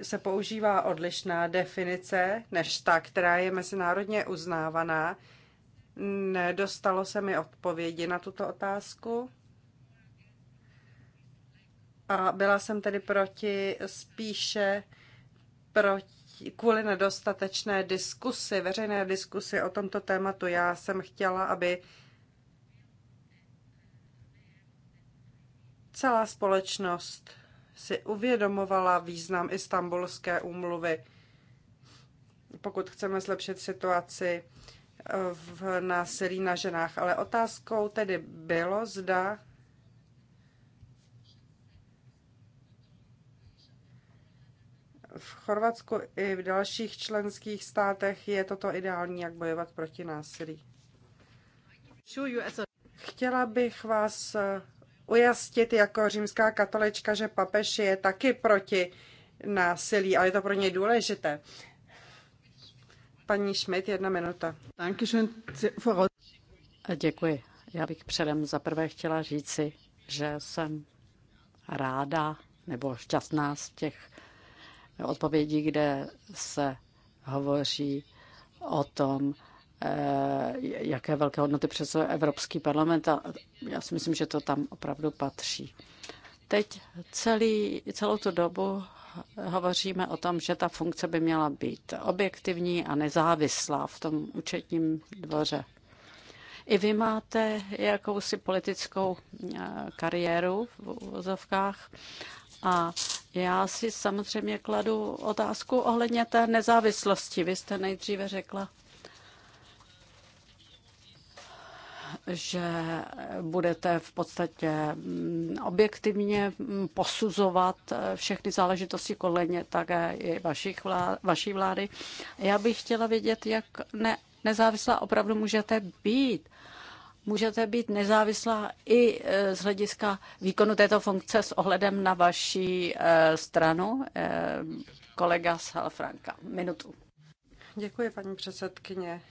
se používá odlišná definice než ta, která je mezinárodně uznávaná. Nedostalo se mi odpovědi na tuto otázku. A byla jsem tedy proti spíše proti, kvůli nedostatečné diskusy, veřejné diskusy o tomto tématu. Já jsem chtěla, aby celá společnost si uvědomovala význam istambulské úmluvy. Pokud chceme zlepšit situaci eh, v násilí na ženách. Ale otázkou tedy bylo, zda v Chorvatsku i v dalších členských státech je toto ideální, jak bojovat proti násilí. Chtěla bych vás eh, ujastit jako římská katolička, že papež je taky proti násilí a je to pro něj důležité. Paní Schmidt, jedna minuta. Děkuji. Já bych předem zaprvé chtěla říci, že jsem ráda nebo šťastná z těch odpovědí, kde se hovoří o tom, Eh, jaké velké hodnoty přesuje Evropský parlament a já si myslím, že to tam opravdu patří. Teď celý, celou tu dobu hovoříme o tom, že ta funkce by měla být objektivní a nezávislá v tom účetním dvoře. I vy máte jakousi politickou eh, kariéru v uvozovkách a já si samozřejmě kladu otázku ohledně té nezávislosti. Vy jste nejdříve řekla, že budete v podstatě mm, objektivně mm, posuzovat eh, všechny záležitosti koleně také i vašich vlá, vaší vlády. Já bych chtěla vědět, jak ne, nezávislá opravdu můžete být. Můžete být nezávislá i eh, z hlediska výkonu této funkce s ohledem na vaši eh, stranu. Kolega Salfranka, minutu. Děkuji, paní předsedkyně.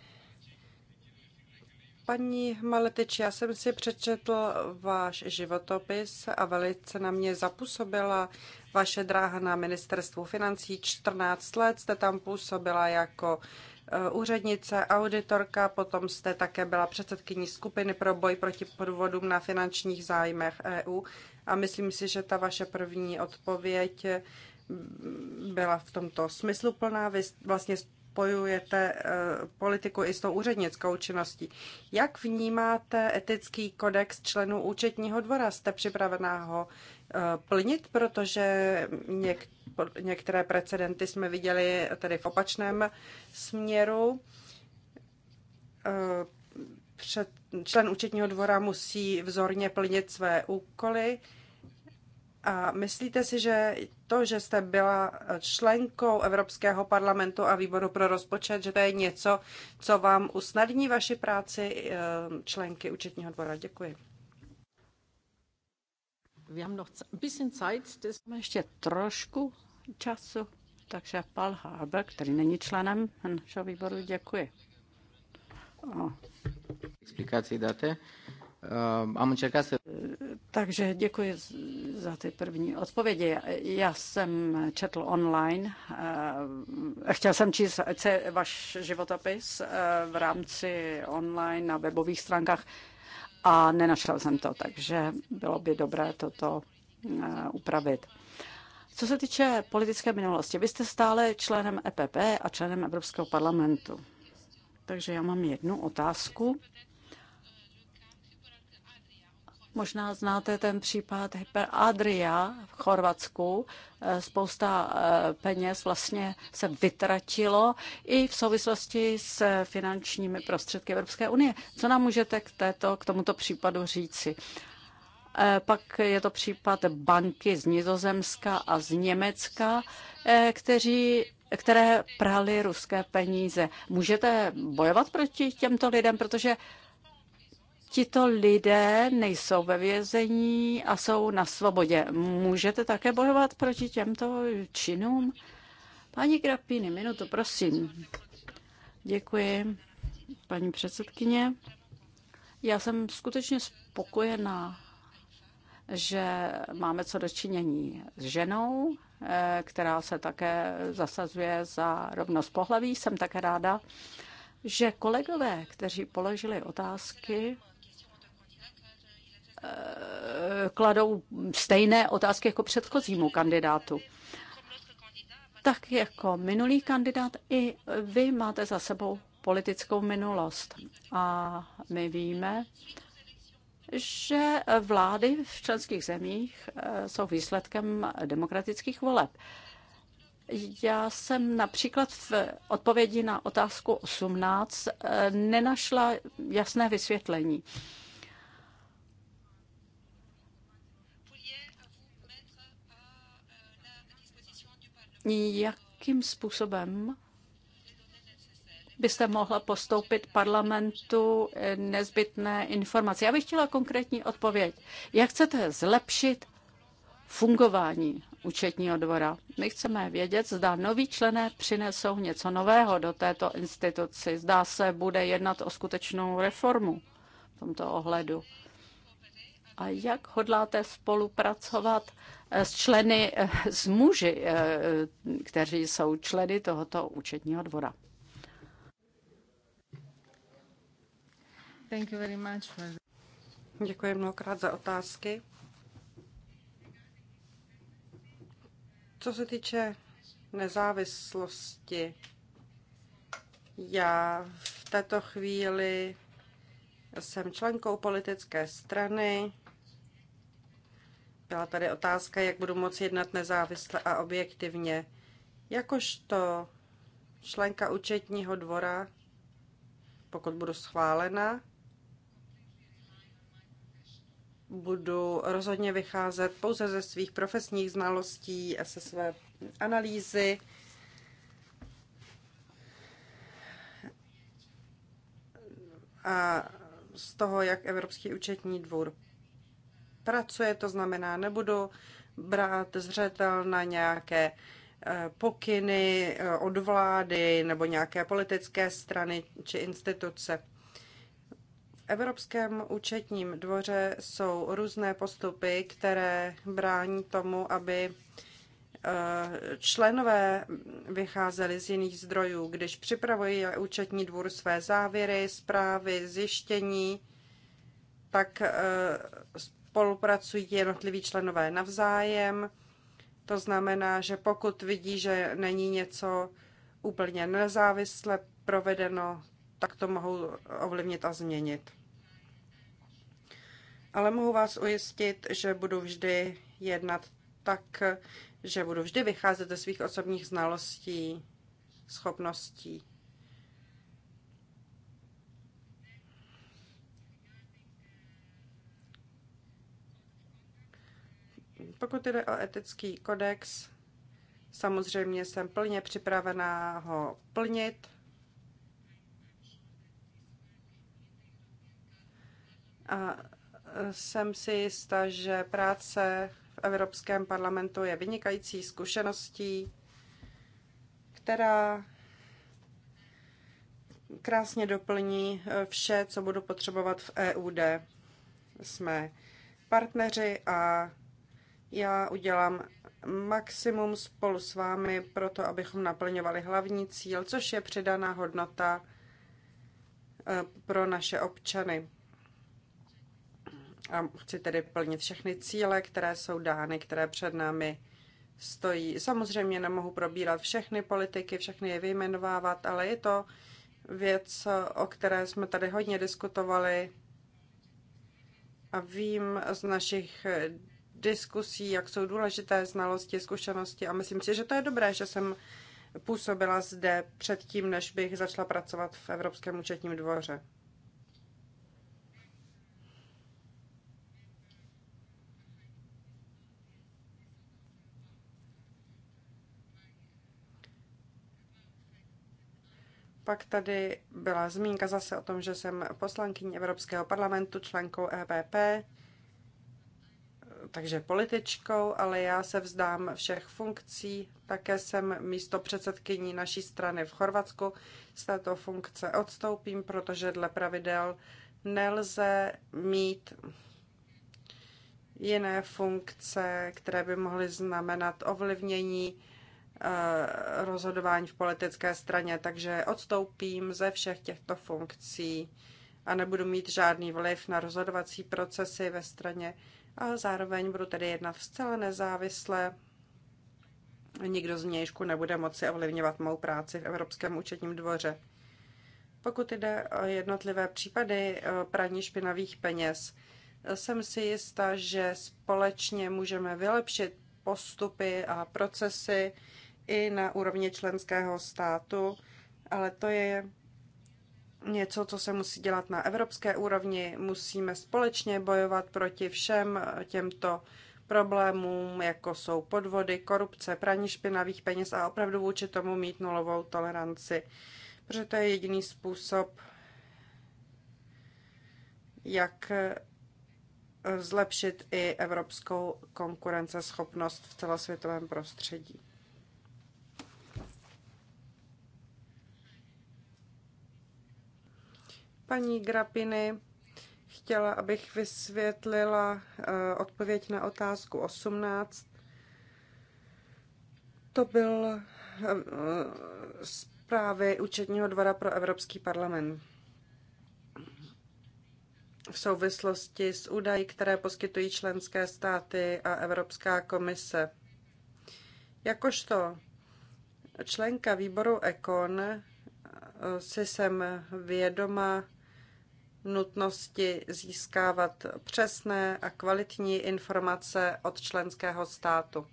Paní Maletič, já jsem si přečetl váš životopis a velice na mě zapůsobila vaše dráha na ministerstvu financí. 14 let jste tam působila jako e, úřednice, auditorka, potom jste také byla předsedkyní skupiny pro boj proti podvodům na finančních zájmech EU a myslím si, že ta vaše první odpověď byla v tomto smyslu plná. Vy vlastně spojujete eh, politiku i s tou úřednickou činností. Jak vnímáte etický kodex členů účetního dvora? Jste připravená ho eh, plnit, protože něk, některé precedenty jsme viděli tedy v opačném směru eh, před, člen účetního dvora musí vzorně plnit své úkoly. A myslíte si, že to, že jste byla členkou Evropského parlamentu a výboru pro rozpočet, že to je něco, co vám usnadní vaši práci eh, členky účetního dvora? Děkuji. Máme ještě trošku času, takže Paul Haber, který není členem našeho výboru, děkuji. O. Explikaci dáte? Am încercat să... Takže děkuji za ty první odpovědi. Já jsem četl online, eh, chtěl jsem číst váš životopis eh, v rámci online na webových stránkách a nenašel jsem to, takže bylo by dobré toto eh, upravit. Co se týče politické minulosti, vy jste stále členem EPP a členem Evropského parlamentu. Takže já mám jednu otázku Možná znáte ten případ Hyper Adria v Chorvatsku. Eh, spousta eh, peněz vlastně se vytratilo i v souvislosti s finančními prostředky Evropské unie. Co nám můžete k, této, k tomuto případu říci? Eh, pak je to případ banky z Nizozemska a z Německa, kteří které prali ruské peníze. Můžete bojovat proti těmto lidem, protože tito lidé nejsou ve vězení a jsou na svobodě. Můžete také bojovat proti těmto činům? Paní Grapíny, minutu, prosím. Děkuji, paní předsedkyně. Já jsem skutečně spokojená, že máme co dočinění s ženou, eh, která se také zasazuje za rovnost pohlaví. Jsem také ráda, že kolegové, kteří položili otázky, Eh, kladou stejné otázky jako předchozímu kandidátu. Tak jako minulý kandidát, i vy máte za sebou politickou minulost. A my víme, že vlády v členských zemích eh, jsou výsledkem demokratických voleb. Já jsem například v odpovědi na otázku 18 eh, nenašla jasné vysvětlení. jakým způsobem byste mohla postoupit parlamentu nezbytné informace. Já bych chtěla konkrétní odpověď. Jak chcete zlepšit fungování účetního dvora? My chceme vědět, zda noví člené přinesou něco nového do této instituci. Zdá se, bude jednat o skutečnou reformu v tomto ohledu. A jak hodláte spolupracovat eh, s členy, eh, s muži, eh, kteří jsou členy tohoto účetního dvora? Thank you very much for... Děkuji mnohokrát za otázky. Co se týče nezávislosti, já v této chvíli jsem členkou politické strany, byla tady otázka, jak budu moci jednat nezávisle a objektivně. Jakožto členka účetního dvora, pokud budu schválena, budu rozhodně vycházet pouze ze svých profesních znalostí a se své analýzy. A z toho, jak Evropský účetní dvůr pracuje, to znamená, nebudu brát zřetel na nějaké eh, pokyny eh, od vlády nebo nějaké politické strany či instituce. V Evropském účetním dvoře jsou různé postupy, které brání tomu, aby eh, členové vycházeli z jiných zdrojů. Když připravují účetní dvůr své závěry, zprávy, zjištění, tak spolupracují jednotliví členové navzájem. To znamená, že pokud vidí, že není něco úplně nezávisle provedeno, tak to mohou ovlivnit a změnit. Ale mohu vás ujistit, že budu vždy jednat tak, že budu vždy vycházet ze svých osobních znalostí, schopností Pokud jde o etický kodex, samozřejmě jsem plně připravená ho plnit. A e, jsem si jistá, že práce v Evropském parlamentu je vynikající zkušeností, která krásně doplní e, vše, co budu potřebovat v EUD. Jsme partneři a já udělám maximum spolu s vámi pro to, abychom naplňovali hlavní cíl, což je přidaná hodnota eh, pro naše občany. A chci tedy plnit všechny cíle, které jsou dány, které před námi stojí. Samozřejmě nemohu probírat všechny politiky, všechny je vyjmenovávat, ale je to věc, o které jsme tady hodně diskutovali a vím z našich diskusí, jak jsou důležité znalosti, zkušenosti a myslím si, že to je dobré, že jsem působila zde předtím, než bych začala pracovat v Evropském účetním dvoře. Pak tady byla zmínka zase o tom, že jsem poslankyní Evropského parlamentu, členkou EPP takže političkou, ale já se vzdám všech funkcí. Také jsem místo předsedkyní naší strany v Chorvatsku. Z této funkce odstoupím, protože dle pravidel nelze mít jiné funkce, které by mohly znamenat ovlivnění eh, rozhodování v politické straně, takže odstoupím ze všech těchto funkcí a nebudu mít žádný vliv na rozhodovací procesy ve straně a zároveň budu tedy jednat zcela nezávisle. Nikdo z mějšku nebude moci ovlivňovat mou práci v Evropském účetním dvoře. Pokud jde o jednotlivé případy eh, praní špinavých peněz, eh, jsem si jistá, že společně můžeme vylepšit postupy a procesy i na úrovni členského státu, ale to je něco, co se musí dělat na evropské úrovni. Musíme společně bojovat proti všem těmto problémům, jako jsou podvody, korupce, praní špinavých peněz a opravdu vůči tomu mít nulovou toleranci, protože to je jediný způsob, jak zlepšit i evropskou konkurenceschopnost v celosvětovém prostředí. paní Grapiny. Chtěla, abych vysvětlila eh, odpověď na otázku 18. To byl eh, zprávy účetního dvora pro Evropský parlament v souvislosti s údaji, které poskytují členské státy a Evropská komise. Jakožto členka výboru ECON eh, si jsem vědoma nutnosti získávat přesné a kvalitní informace od členského státu.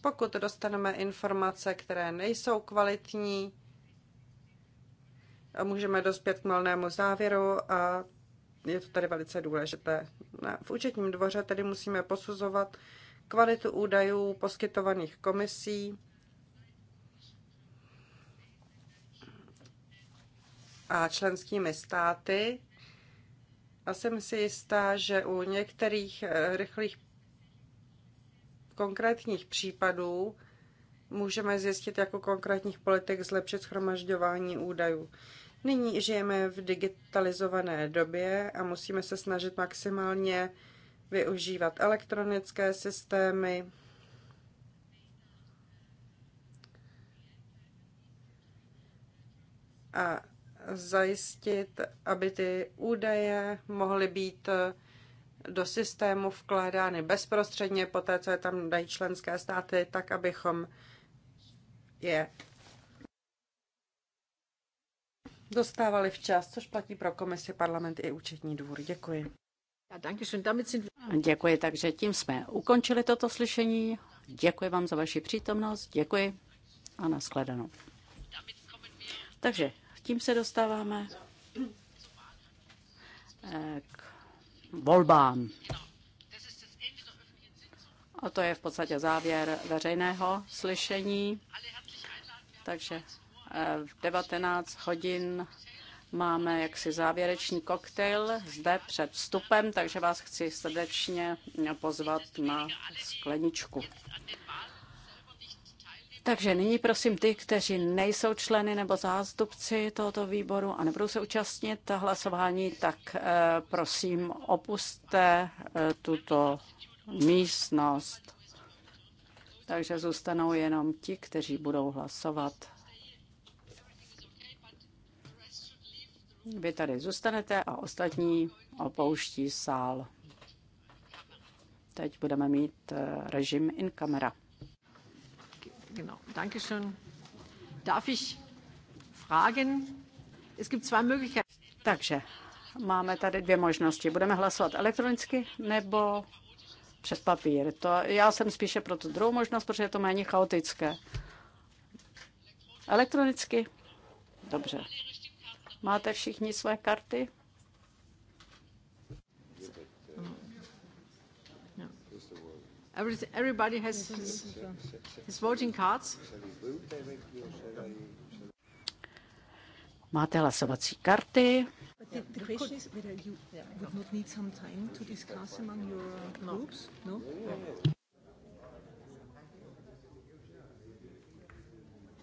Pokud dostaneme informace, které nejsou kvalitní, můžeme dospět k malnému závěru a je to tady velice důležité. V účetním dvoře tedy musíme posuzovat kvalitu údajů poskytovaných komisí a členskými státy a jsem si jistá, že u některých eh, rychlých konkrétních případů můžeme zjistit jako konkrétních politik zlepšit schromažďování údajů. Nyní žijeme v digitalizované době a musíme se snažit maximálně využívat elektronické systémy, a zajistit, aby ty údaje mohly být do systému vkládány bezprostředně po té, co je tam dají členské státy, tak abychom je dostávali včas, což platí pro komisi, parlament i účetní dvůr. Děkuji. Děkuji, takže tím jsme ukončili toto slyšení. Děkuji vám za vaši přítomnost, děkuji a nashledanou. Takže tím se dostáváme eh, k volbám. A to je v podstatě závěr veřejného slyšení. Takže eh, v 19 hodin máme jaksi závěrečný koktejl zde před vstupem, takže vás chci srdečně pozvat na skleničku. Takže nyní prosím ty, kteří nejsou členy nebo zástupci tohoto výboru a nebudou se účastnit hlasování, tak eh, prosím opuste eh, tuto místnost. Takže zůstanou jenom ti, kteří budou hlasovat. Vy tady zůstanete a ostatní opouští sál. Teď budeme mít eh, režim in camera. Genau, danke schön. Darf ich fragen? Es gibt zwei Möglichkeiten. Takže máme tady dvě možnosti. Budeme hlasovat elektronicky nebo přes papír. To, já jsem spíše pro tu druhou možnost, protože je to méně chaotické. Elektronicky? Dobře. Máte všichni své karty? Everybody has his, voting cards. Máte hlasovací karty.